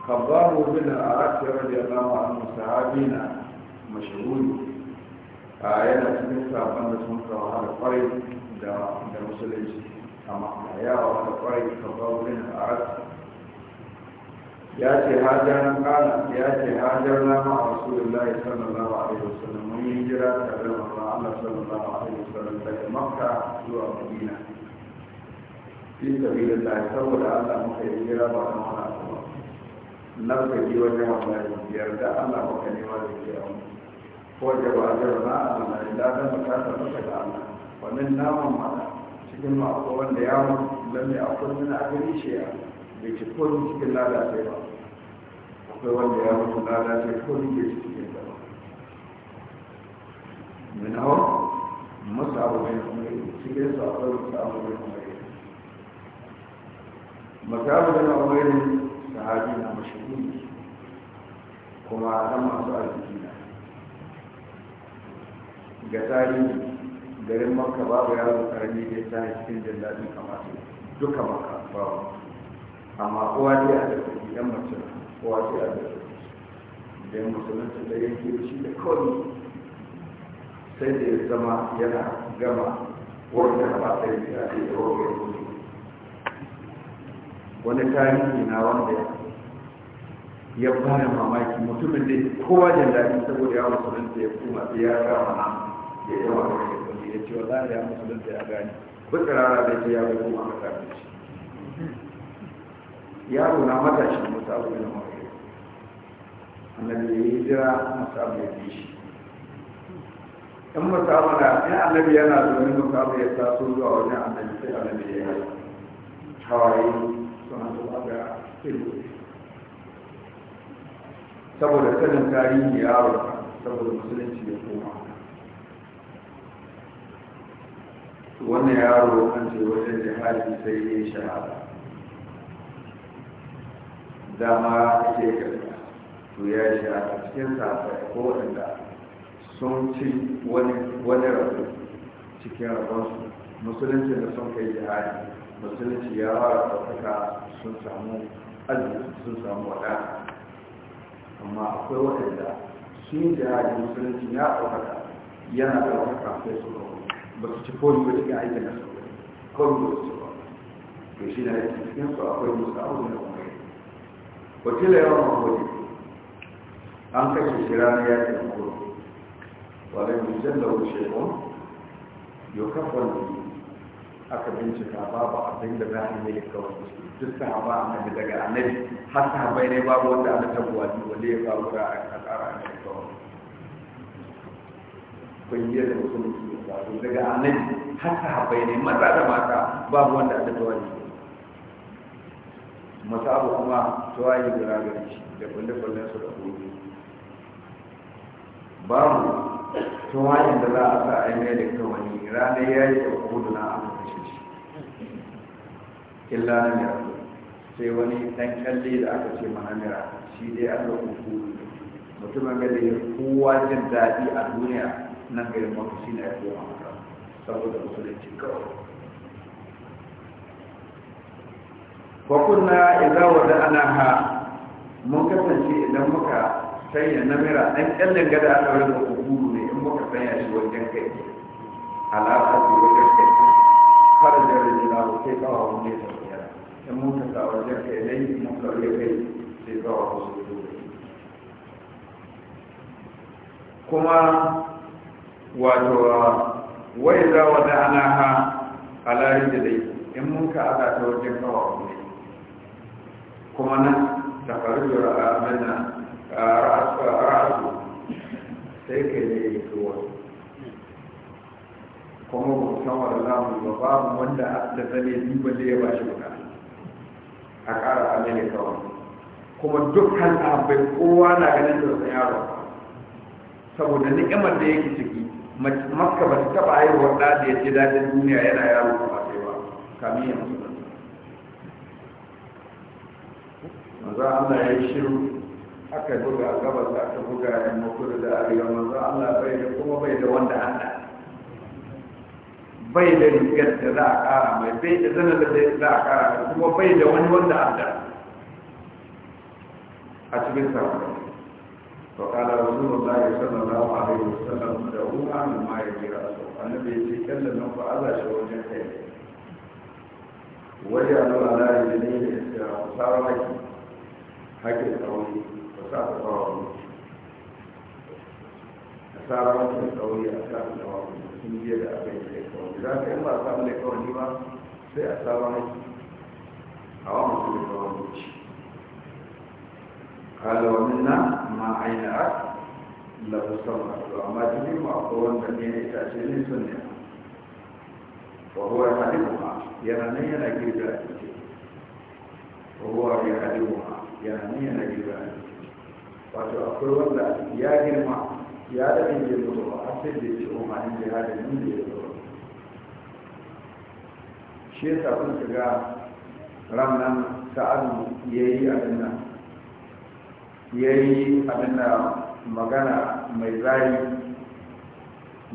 خبار بن الأعرج رضي الله عنه صحابينا مشهور yana cikin sabon da sun kawo da kwarai da musulunci amma na wa da kwarai ka baurin a rasu ya ce hajjar na kala ya ce hajjar na ma a rasulullahi sallallahu alaihi wasallam mun yi jira tare da manzon Allah sallallahu alaihi wasallam daga makka zuwa madina fi sabilillah saboda Allah muka yi jira ba da mana ba nan ka ji wajen wallahi yarda Allah muka nema da ke amma wajen ba a jaruna a zamanin dadan bukatar masa da Allah wannan naman mata cikin mako wanda ya mutu ne a kullum a gani shi ya da ke kodin cikin lada sai ba akwai wanda ya mutu lada sai kodin ke cikin da ba min hawa masu abu mai kuma cikin su akwai masu abu mai kuma makabu da na umarin sahabi na mashahuri kuma dan masu arziki na ga tarihi garin makka babu yaro karami da ya tashi cikin jin daɗin kamata duka makka babu amma kowa dai a da yan mace kowa dai a da da yan musulunci da yanke shi da kawai sai da ya zama yana gama wanda ba sai da ya ce da wanda ya kuɗi wani tarihi na wanda ya fara mamaki mutumin da kowa jin saboda ya musulunta ya kuma ya kama na ya yi wa kashe kuɗi ya ce wallahi ya musulunta ya gani duka rana da ce ya ga kuma aka sami shi yaro na matashin musa abu da mafi annabi ya yi jira musa abu ya bi shi in musa abu na in annabi yana domin musa abu ya taso zuwa wajen annabi sai annabi ya yi hawaye suna zuwa ga ilmi saboda sanin tarihi yaro saboda musulunci ya koma wannan yaro an ce wajen jihadi sai yin shahara dama ake karfa to ya shahara cikin safai ko wanda sun ci wani rabu cikin rabonsu musulunci da sun kai jihari musulunci ya fara ɗaukaka sun samu arziki sun samu wadata amma akwai wadanda sun jihari musulunci ya ɗaukaka yana ɗaukaka sai su ba su ci kowani ba cikin aikin nasu kowani ba su ci ba shi na yake cikin su akwai musu abu da kuma yi wakila yawan mahodi an kashe shi ranar yakin mahodi wadda yi jan da wuce ko yau kafin aka bincika babu abin da za a yi kawai duk a annabi daga annabi har sahabai ne babu wanda ana tabuwa ne wanda ya faru da a ƙara annabi kawai kungiyar da musulunci wato daga annabi har sahabbai ne maza da mata babu wanda aka Masu masabu kuma tawali guda ragari shi da kulle kwallen su da kogi babu tawalin da za a sa a yi da wani ranar ya yi da kudu na aka kashe shi illa na mera sai wani ɗan kalli da aka ce mana mera shi dai an da kuku mutumin gada kowa jin daɗi a duniya nan ga yamma ku shine ya koma maka saboda musulunci kawai wa kunna idza ha mun kasance idan muka sanya namira dan kallon gada a daure da kukuru ne in muka sanya shi wajen kai alaƙa su wajen kai kada da rijina ko sai kawo wani ne tafiya in mun ka sa wajen kai dai mun ka kai sai kawo su kuma wato wai za wa ana ha alari da dai in mun ka aka ta wajen kawo ne kuma nan ta faru da ra'amin na ra'asu sai ka ne ya fi wasu kuma ba san wa da zamu ba babu wanda da zane ni da ya ba shi wuta a ƙara amini kawai kuma dukkan abai kowa na ganin da wasu yaro saboda ni'imar da yake ciki makka ba ta taba yi ɗa da ya ce daɗin duniya yana yaro ba sai ba kamin ya mutu maza Allah ya yi shiru aka buga a gabas aka buga a mutu da arewa maza Allah bai da kuma bai da wanda an da bai da rigar da za a kara mai bai da zana da za a kara mai kuma bai da wani wanda an da a cikin sarrafa فقال رسول الله صلى الله عليه وسلم دعوا عن ما يجي رأسه النبي يتكلم فعلى شوجه خير وجعلوا على يديه الاستراحة وصار حق حكي القولي وصار القولي صار حكي القولي أساس القولي sun biya da abin da ya kawo za ka yi ba samu da kawai ba sai a sa wani a wani su da kawai ci kala wa minna ma aina a lafi sama to amma cikin ma ko wanda ne ya itace ne sun ne wa huwa ya hadi kuma yana nan yana girbi a cikin wa huwa ya hadi kuma yana nan yana girbi a cikin wato akwai wanda ya girma ya daɗe bai mutu ba har sai da ya ce umarnin oh, jihadin nan da ya zo shi ya yasa kun shiga ran nan sa'adu ya yi abin nan ya yi abinda magana mai zari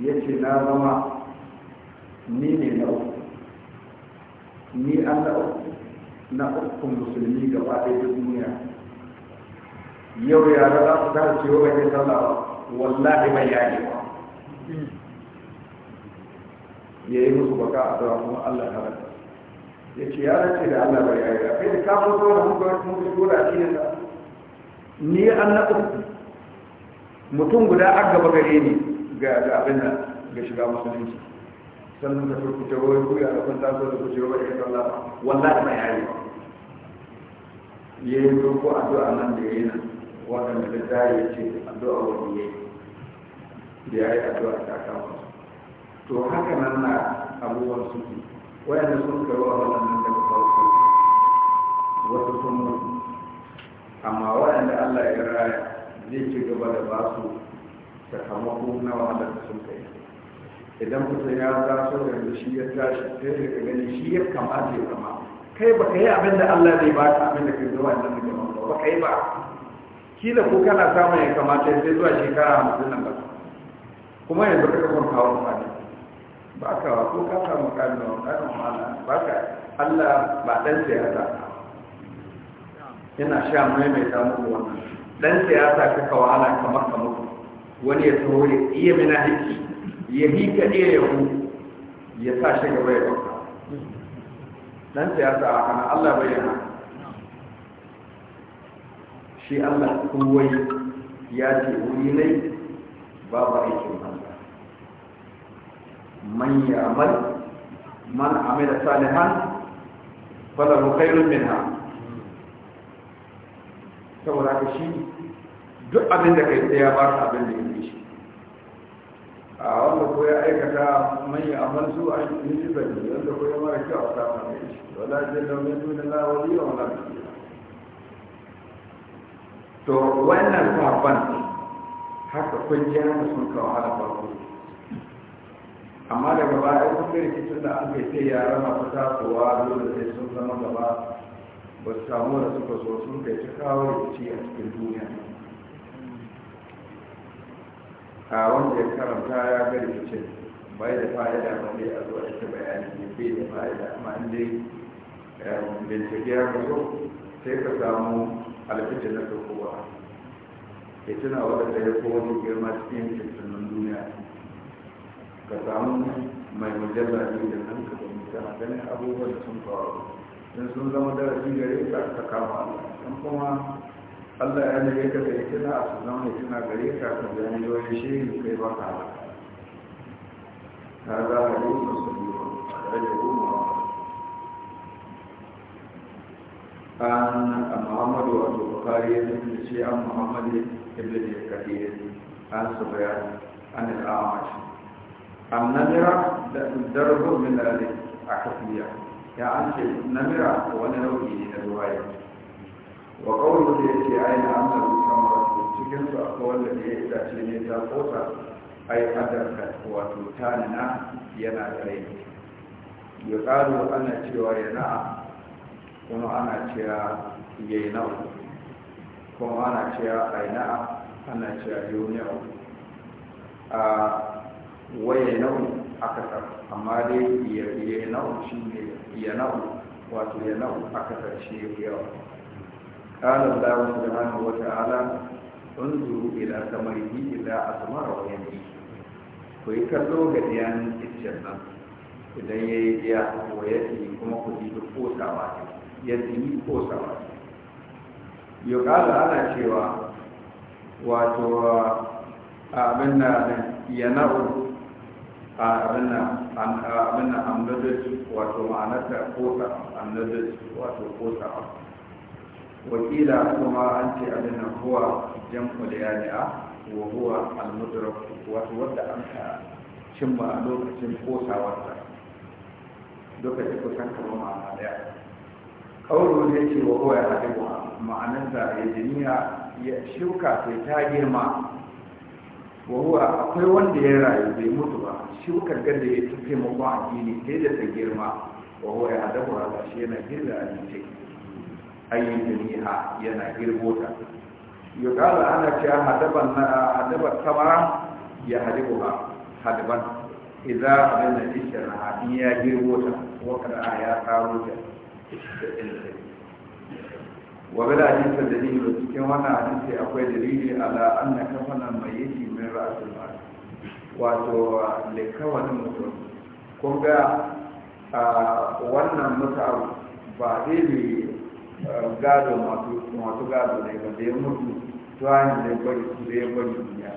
ya ce na zama ni ne na uku ni an na uku na uku musulmi gaba ɗaya da duniya yau ya za su ta ce wa bai sallah ba wallahi mai yaƙi ba ya yi musu baka a zuwa kuma allah ta rasa ya ce ya race da allah bai yaƙi ba kai da kafin zuwa da muka wani muka shi da shi ne ni an na mutum guda a gaba gare ni ga abin da ga shiga musulunci sannan ka turku ta roye ku ya rafin taso da ku ba, ya kalla wallahi mai hari ya yi a addu'a nan da yana waɗanda da ta yi ce addu'a wani ya yi da ya yi addu'a ta kama to haka nan na abubuwan suke wayanda sun karo a wannan nan daga su wasu sun mutu amma waɗanda Allah ya raya zai ci gaba da ba su sakamako na wanda da sun kai idan mutum ya taso da shi ya tashi sai daga gani shi ya kamata ya zama kai ba ka yi abin da Allah zai ba ka abin da kai zuwa nan da ba ka yi ba kila ko kana samun ya kamata sai zuwa shekara hamsin nan ba kuma yanzu ka kafa kawo mutane ba ka ko ka samu kalmar wani ba ka Allah ba ɗan sai ya zaka yana sha maimaita muku wannan dan siyasa kaka wahala kamar ka mutu wani ya taho ya iya mina hiki ya hika iya ya hu ya sa shi gaba ya bauta dan siyasa a kana Allah bayyana shi Allah kowai ya ce wuri ne babu aikin Allah man ya amal man amila salihan falahu khairun minha saboda ka shi duk abin da kai tsaye ba ka abin da yake shi a wanda ko ya aikata manya amal su a yi nisa ne wanda ko ya mara kyau a samun da shi wala jin da mai nuna lawali wa yi. to wannan sabon haka kun ji haka sun kawo hala farko amma daga baya kun gari cikin da an kai sai yara masu tasowa dole sai sun zama gaba ba su samu da suka so sun kai ta kawo rikici a cikin duniya a wanda ya karanta ya ga rikicin bai da fa'ida ba ne a zuwa ita bayani ne bai da fa'ida amma in dai eh, bincike ya ka so sai ka samu alfijin na kowa ya tuna wadda ya wani girma cikin cikin duniya ka samu mai mujalla ne da nan domin kana ganin abubuwan da sun faru in sun zama darasi gare ka ka kama in kuma Allah ya nage ka da tuna a su zama tuna gare ka ka ga ne wani shehi kai ba ka ta za a yi musu biyu a rage goma an Muhammadu wato Bukhari ya zama shi an Muhammadu ibn Kathir an Subayan an al-Amash an Nadira da darbu min al-Akafiya ya an ce namira ko wani nau'i ne na ruwaya wa kawai da ya ce ai na amsa rusan wasu cikin su akwai wanda da ya itace ne ta kosa ai adarka wato tanina yana da rai ya ƙaro ana cewa yana kuma ana cewa yi nau kuma ana cewa aina ana cewa yau ne a waye nau aka amma dai ya na'u shi ne ya na'u wato ya na'u aka shi shi ya fi yawa ƙalar da wasu da hannu wata ala unzuru ila samarihi ila asmara wa yanzu ku yi kallo ga diyanin iccen nan idan ya yi diya wa ya kuma ku ji duk kosawa ya ji kosawa yau kala ana cewa wato abin na yana'u abin na amnadaci wato ma'anarta ko amnadaci wato ko wakila kuma an ce abin da huwa jam'ul yani'a wa huwa al-mudrak wato wadda an ka ba a lokacin kosawarsa lokacin kusan kuma ma'ana daya kauru ne ce wa huwa ya haɗu ma'anarsa ya jiniya ya shuka sai ta girma wahuwa akwai wanda ya rayu bai mutu ba shi kan gada ya tafi mako ta sai da ta girma wa ya hada ba shi yana girma a jice ayi jami'a yana girbo ta gaza ana ce hadaban na hadaban tamara ya hadibu ba hadaban idan abin da ishe na ya girbo ta wakar a ya karo ta da ilmi wa bil hadith dalil da cikin wannan hadisi akwai dalili ala anna kafanan mayyiti min ra'sul mal wato likawan mutum kun ga wannan mutu ba dai ne gado masu gado ne ba da ya mutu ta hanyar da ya bari su da bari duniya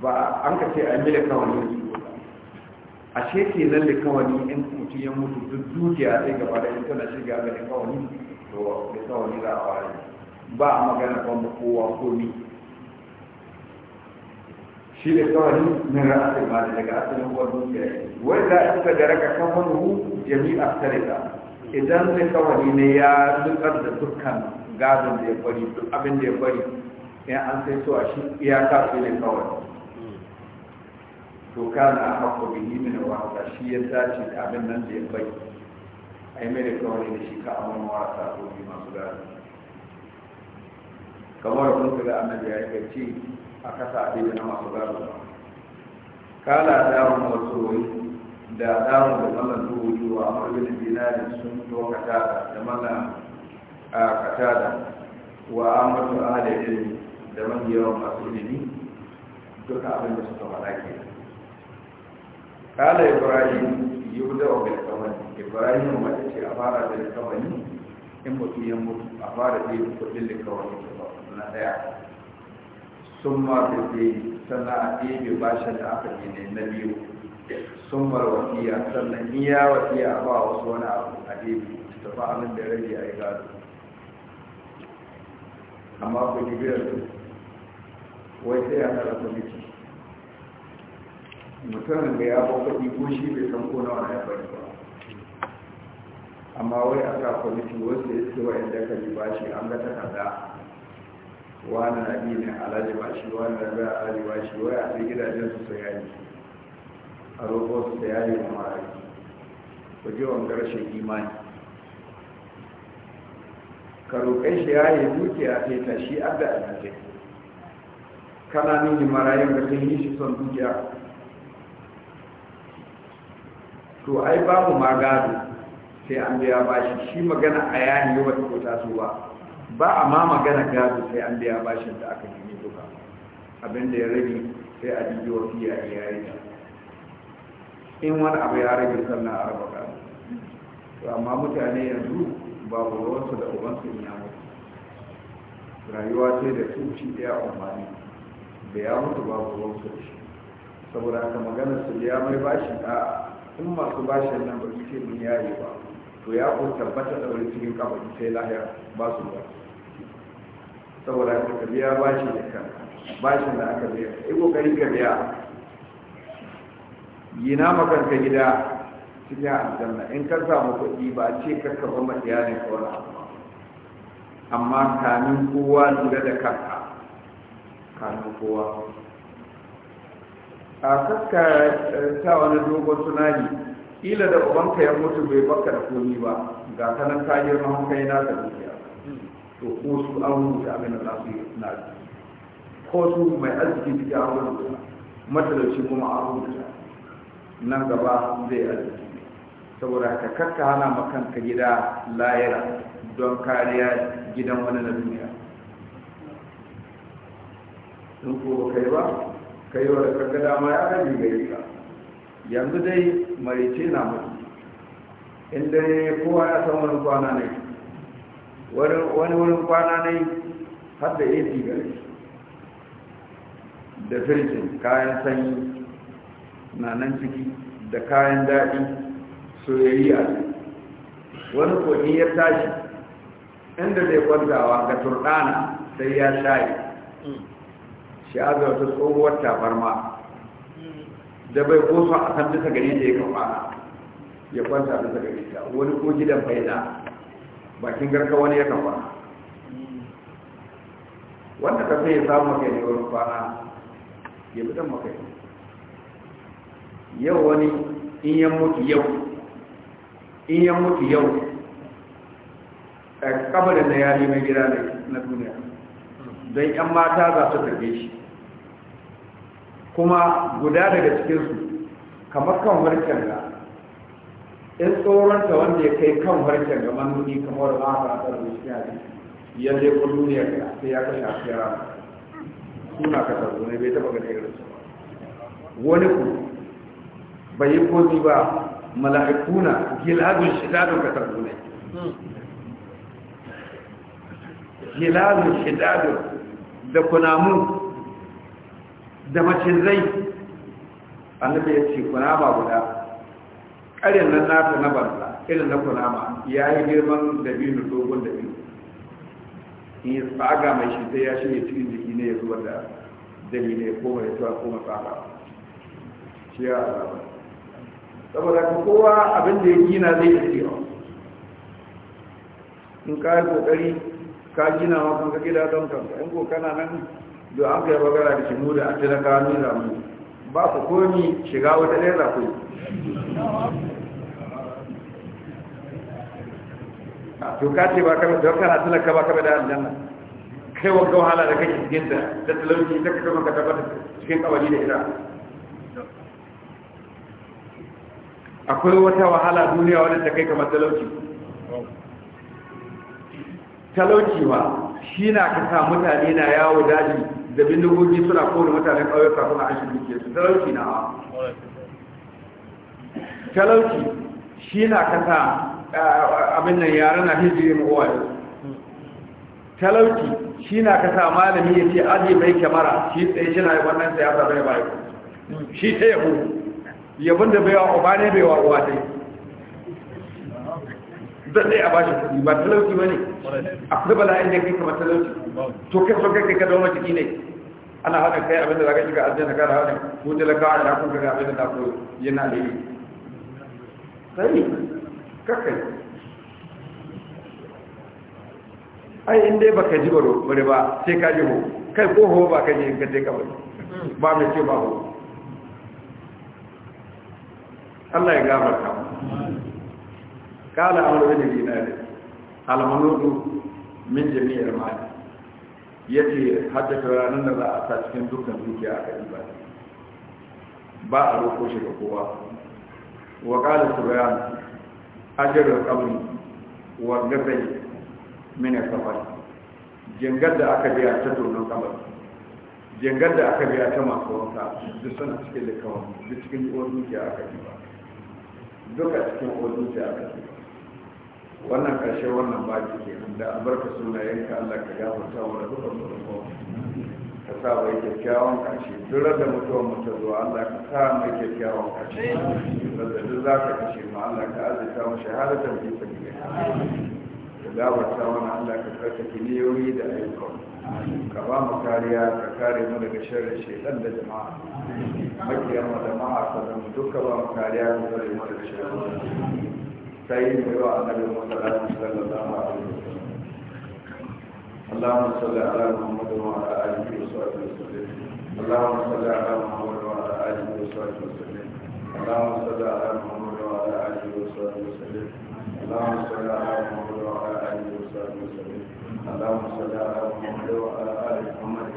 ba an ka ce an yi da likawani su a ce ke nan da kawani in mutum ya mutu duk dukiya sai gaba da ita na shiga ga likawani to da tsawon za a ne ba a magana ban kowa ko ni shi da tsawon min ra'asin ma da daga asalin uwar dukiya wanda suka da raka kan wani hu jami'a sarika idan da tsawon ne ya nutsar da dukkan gadon da ya bari duk abin da ya bari in an sai so a shi ya iyaka su ne kawai to kana a haƙo bihi min wa shi ya dace abin nan da ya bari a yi mai da kawai da shi ka amma marasa tobi masu gari kamar kun kaga annabi ya yi ci a kasa abin na masu gari ba kala damu wasu wai da damu da mallan duhu yiwa a marbin binari sun yi katada da mallan a katada wa amurtu ahalin ilmi da man yawon masu ilimi duka abin da suka faɗa ke kala ibrahim yau da wani kamar ibrahim wata ce a fara da kamani in mutum ya mutu a fara da yi kudin da kawai na daya sun ma da zai sannan a ɗebe bashin da aka yi ne na biyu sun mar wasiya sannan iya wasiya a ba wasu wani abu a ɗebe ta fa abin da rage a yi gado amma ku ji biyar wai sai a kala kwamiti mutumin da ya ba kuɗi ko shi bai san ko nawa ya bari ba amma wai a ta kwamiti wasu ya ce wa'in daga ka shi an ga takarda wani na bi ne a ba shi wani na biya a ba shi wai a sai gidajen su su yayi a roƙo su da yayi da ku ji wanga rashin imani ka roƙe shi ya yi dukiya ta ta shi adda a kana nuni marayin da ta yi shi son dukiya to ai babu ma gado sai an biya bashi shi magana a yayin yau wata kota su ba ba a ma magana gado sai an biya bashin da aka gini duka abinda ya rage sai a dubi wasiya a da in wani abu ya rage sannan a raba gado to amma mutane yanzu babu ruwansu da ubansu in ya mutu rayuwa sai da tuci ɗaya umarni da ya mutu babu ruwansu da shi saboda haka magana su ya mai bashi a in masu bashin nan ba su ce mun yaye ba to ya kun tabbata da wani cikin kafa sai lahiya ba su ba saboda ka biya bashin da kan bashin da aka biya yi kokari ka biya yi na makanka gida cikin aljanna in ka samu kuɗi ba a ce ka ba ma iyalin ka amma kanin kowa lura da kanka kanin kowa a kakka ta eh, wani dogon tunani ila da ubanka ya mutu bai baka da komi ba ga kanan kayan girma hankali na da dukiya to ko su an rubuta abin da za su yi na ko su mai arziki suke an rubuta matalauci kuma an rubuta nan gaba zai arziki saboda ka kakka hana makanka gida layira don kariya gidan wani na duniya in ko kai ba kai da kanka dama ya rabi gari ka yanzu dai mai ce na mutu inda ne kowa ya san wani kwana ne wani wani kwana ne har da ac gari da firkin kayan sanyi na nan ciki da kayan daɗi a ne wani koɗi ya tashi inda zai kwantawa ga turɗana sai ya shayi mm. shi azurta tsohuwar ma da bai goso a kan bisa gari da ya kafa ya kwanta bisa gari ta wani ko gidan faida bakin garka wani ya kafa wanda ka sai ya samu maka ne wani kwana ya fitan maka yau wani in yan mutu yau in yan mutu yau a kabarin da ya mai gida na duniya don yan mata za su tafi shi kuma guda daga cikinsu kamar kan harkar ga in tsoronta wanda ya kai kan harkar ga manuni kamar a fatar da shi yadda ya je kun duniya ga sai ya kashe a fiyara suna ka tarzo bai taba ganin irin su wani ku bai yi kozi ba mala'ikuna giladun shidadun kasar tarzo ne giladun shidadun da kunamun. da zai, annabi ya ce kunama guda ƙarin nan nata na banza irin na kunama ya yi girman dabino dogon dabino in yi tsaga mai shi sai ya shirya cikin jiki ne ya zuwa da dali ne ko ya tuwa ko tsaga shi ya azaba saboda ka kowa abin da ya gina zai yi tsira in ka yi kokari ka gina wa kanka gida don kanka in ko kana nan don an kai magana da shimu da a talaka nuna mu ba ku komi shiga wata ɗaya za ku to ka ce ba kame don kana ka ba kama da aljanna kai wa wahala da kake cikin ta da talauci ta kaka ka tabbata cikin kawali da ira akwai wata wahala duniya wadda ta kai kamar talauci talauci ba shi na kasa mutane na yawo daji da bindigogi suna kone mutane ƙauyuka suna an shirke su talauci na talauci shi na kasa abin nan yare na hijiri ma'uwaye talauci shi na kasa malami ya ce aji mai kyamara shi tsaye shi na yi wannan siyasa bai bai shi ta yabo yabon da bai wa uba bai wa uwa dai don sai a ba shi kudi ba talauci ba ne a ba la'in da kai kamar talauci to kai so kai ka dauma ciki ne ana haɗa kai abin da za ka shiga aljanna kara haɗin ko talakawa da kun kaga abin da na ko yana da yi sai kakai ai inda ba ka ji baro bare ba sai ka ji ho kai ko ho ba ka ji ka je ka bari ba mai ce ba ho Allah ya gafarta kala ne na dinari almanudu min jami'ar mali yace hadda ranar da za a sa cikin dukkan dukiya a yi ba ba a roko shi ga kowa wa kala subayan ajrul qabri wa gabai min safar jingar da aka biya ta tonon kamar jingar da aka biya ta masu wanka duk suna cikin da kawai duk cikin wani dukiya aka yi ba duka cikin wani dukiya aka yi ba wannan karshe wannan baki ke da albarka yanka Allah ka gafarta wa duka mutum ka sa mai kyakkyawan kashi duk da mutuwar mutu zuwa Allah ka sa mai kyakkyawan kashi da duk za ka kashe ma Allah ka azurta mu shahadatar bi sabiya ka gafarta mana Allah ka karkake niyoyi da ayyukan ka ba mu kariya ka kare mu daga sharrin dan da jama'a makiyan mu da ma'a ka dukka ba mu kariya ka kare mu daga sharrin سيدنا mai wa annabi muhammad sallallahu alaihi wasallam اللهم صل على محمد وعلى اله وصحبه وسلم اللهم صل على محمد وعلى اله وصحبه وسلم اللهم صل على محمد وعلى اله وصحبه وسلم اللهم صل على محمد وعلى اله وصحبه وسلم اللهم صل على محمد وعلى ال محمد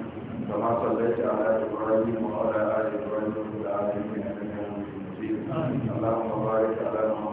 كما صليت على ابراهيم وعلى اله ابراهيم في العالمين انك حميد مجيد اللهم بارك على محمد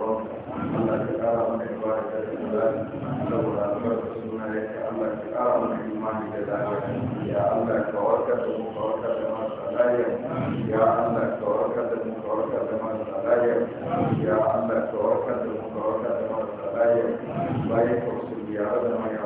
tsoron Allah ka kara mana ibada da ibada saboda albarka suna ya ka Allah ka kara mana imani da lafiya ya Allah ka warkar da mu ka warkar da marasa lafiya ya Allah ka warkar da mu ka warkar da marasa lafiya ya Allah ka warkar da mu ka warkar da marasa lafiya bayan ka wasu yara da mai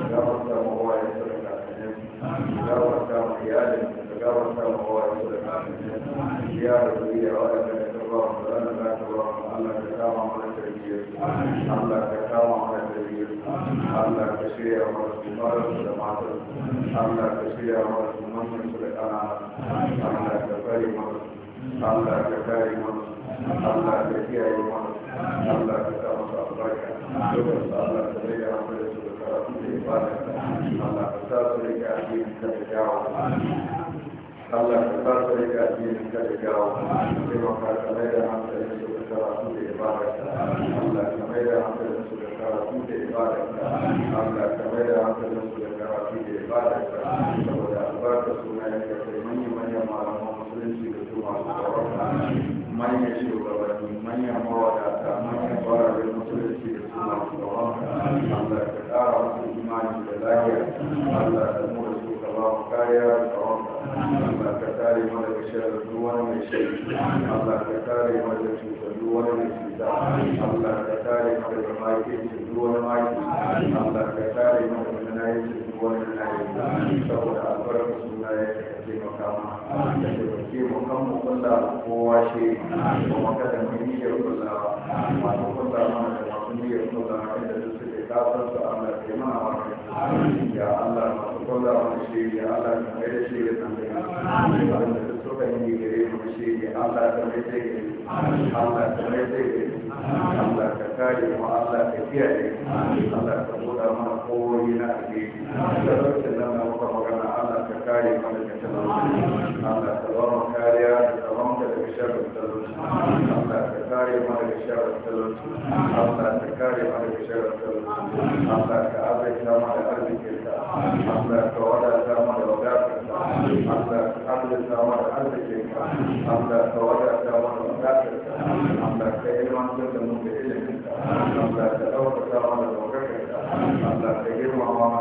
gafarta ma waye su da kakannin gafarta ma iyalin da gafarta ma waye su da kakannin ya rabu ya wada da ka ba mu da Allah za ka ba mu Allah ka kama mana tarbiyyar Allah ka kama mana tarbiyyar Allah ka shirya mana su fara su da matar Allah ka shirya mana su manyan su da kanana Allah ka kare mana Allah ka kare mana Allah ka kiyaye mana Allah ka sa musu albarka Allah ka rage amfani da su karatu da ibada Allah ka sa su rike addinin ka da dawo Allah ka sa su rike addinin ka da dawo ka da da karatu da ibada Allah ka mai da da karatu da Allah ka mai da da karatu da kariya Allah ka mu da su ba mu kariya da tsawonka Allah ka kare mu daga shirin duk wani mai shiri Allah ka kare mu daga cutar duk wani mai cuta Allah ka kare mu daga makirci duk wani makirci Allah ka kare mu daga nanayin duk wani nanayin saboda albarkar sunayen taimaka ma da taimake mu kan mu kulla kowa shi kuma kada mu yi ya niyyar kullawa masu kulla mana da masu niyyar kullawa inda duk suke kafin su Allah ke mana wani ya Allah masu kwalla wani shi ya Allah ka kai da shi ya san da wanda su suka yi gare mu shi ya Allah ka kai da Allah da Allah ka kare mu Allah ka kiyaye Allah ka buɗa mana koyi na alheri da rashin nan na muka magana Allah ka kare mana da talauci Allah ka ba mu kariya da tsaron ka daga sharrin Allah ka kare mana daga sharrin talauci Allah ka kare mana daga sharrin talauci Allah ka azaita mana arzikinka Allah ka wadata mana wadatar Allah azurta da arzikinka Allah ka wadata wa da wadatarka Allah ka ilmantar da mu da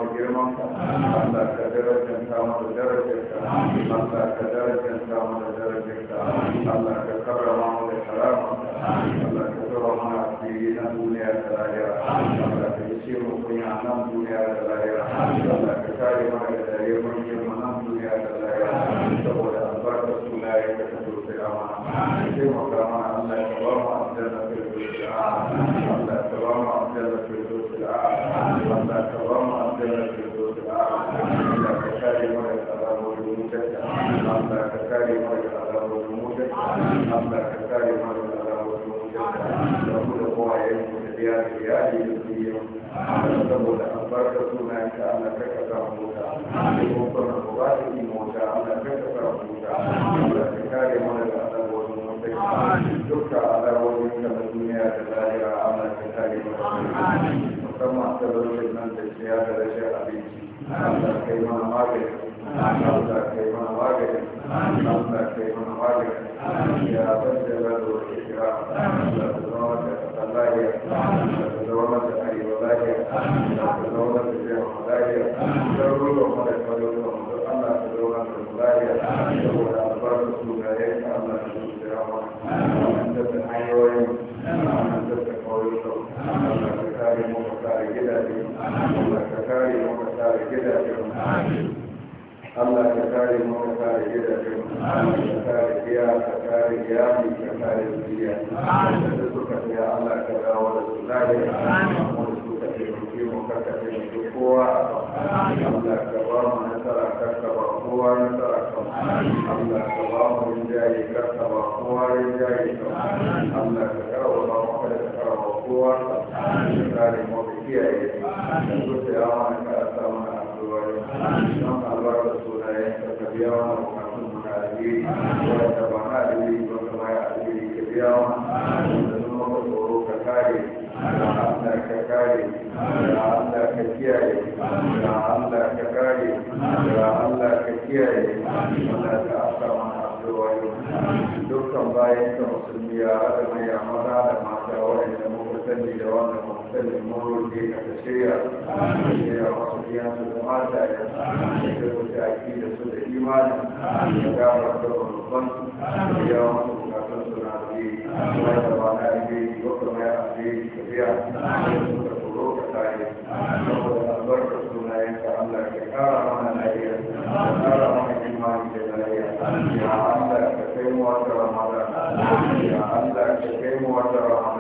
girmama wa da ka darajanta wa da darajarka Allah ka da darajarka Allah ka duniya da lahira Allah ka nan duniya da lahira Allah kare mana kai mana magani Allah kai mana magani Allah kai mana magani ya bada mana saboda albarkar su ga yayin Allah kare mu ka kare gidaje Allah ka kare mu ka kare gidaje Allah ka kare mu ka kare gidaje ka kare biya ka kare iyali ka kare zuriya da suka tsaya Allah ka dawo da su lafiya mu da suka taimake mu ka ka taimake kowa Allah ka ba mu nasara ka ka ba kowa nasara ka Allah ka ba mu rinjaye ka ka ba kowa rinjaye ka Allah ka karawa ba mu kowa da kare mafi kiyaye da kusa yawa na karasa mana a don albarka sunayen ka ka biya wa bukatun mu na alheri wadda ba na alheri ba ka baya alheri ka biya wa da zama ka tsoro ka kare da Allah ka kare da Allah ka kiyaye da Allah ka a da Allah ka kiyaye Allah ka asa mana abubuwa dukkan bayan a musulmi ya haɗa mai amara da mata waɗanda sani da wanda ba su sani da roƙe ka ta shirya shirya wasu biyan su da mata ya da wuce aki da su da imanin da gawar da babban su ya wasu bukatun su na zuri da ba na ibe ko kuma ya abe da biya da tsoro ka tare saboda albarkar sunayen ka Allah ka kara mana lafiya ka kara mana imani da lafiya ya Allah ka kai mu wata Ramadan ya Allah ka kai mu wata Ramadan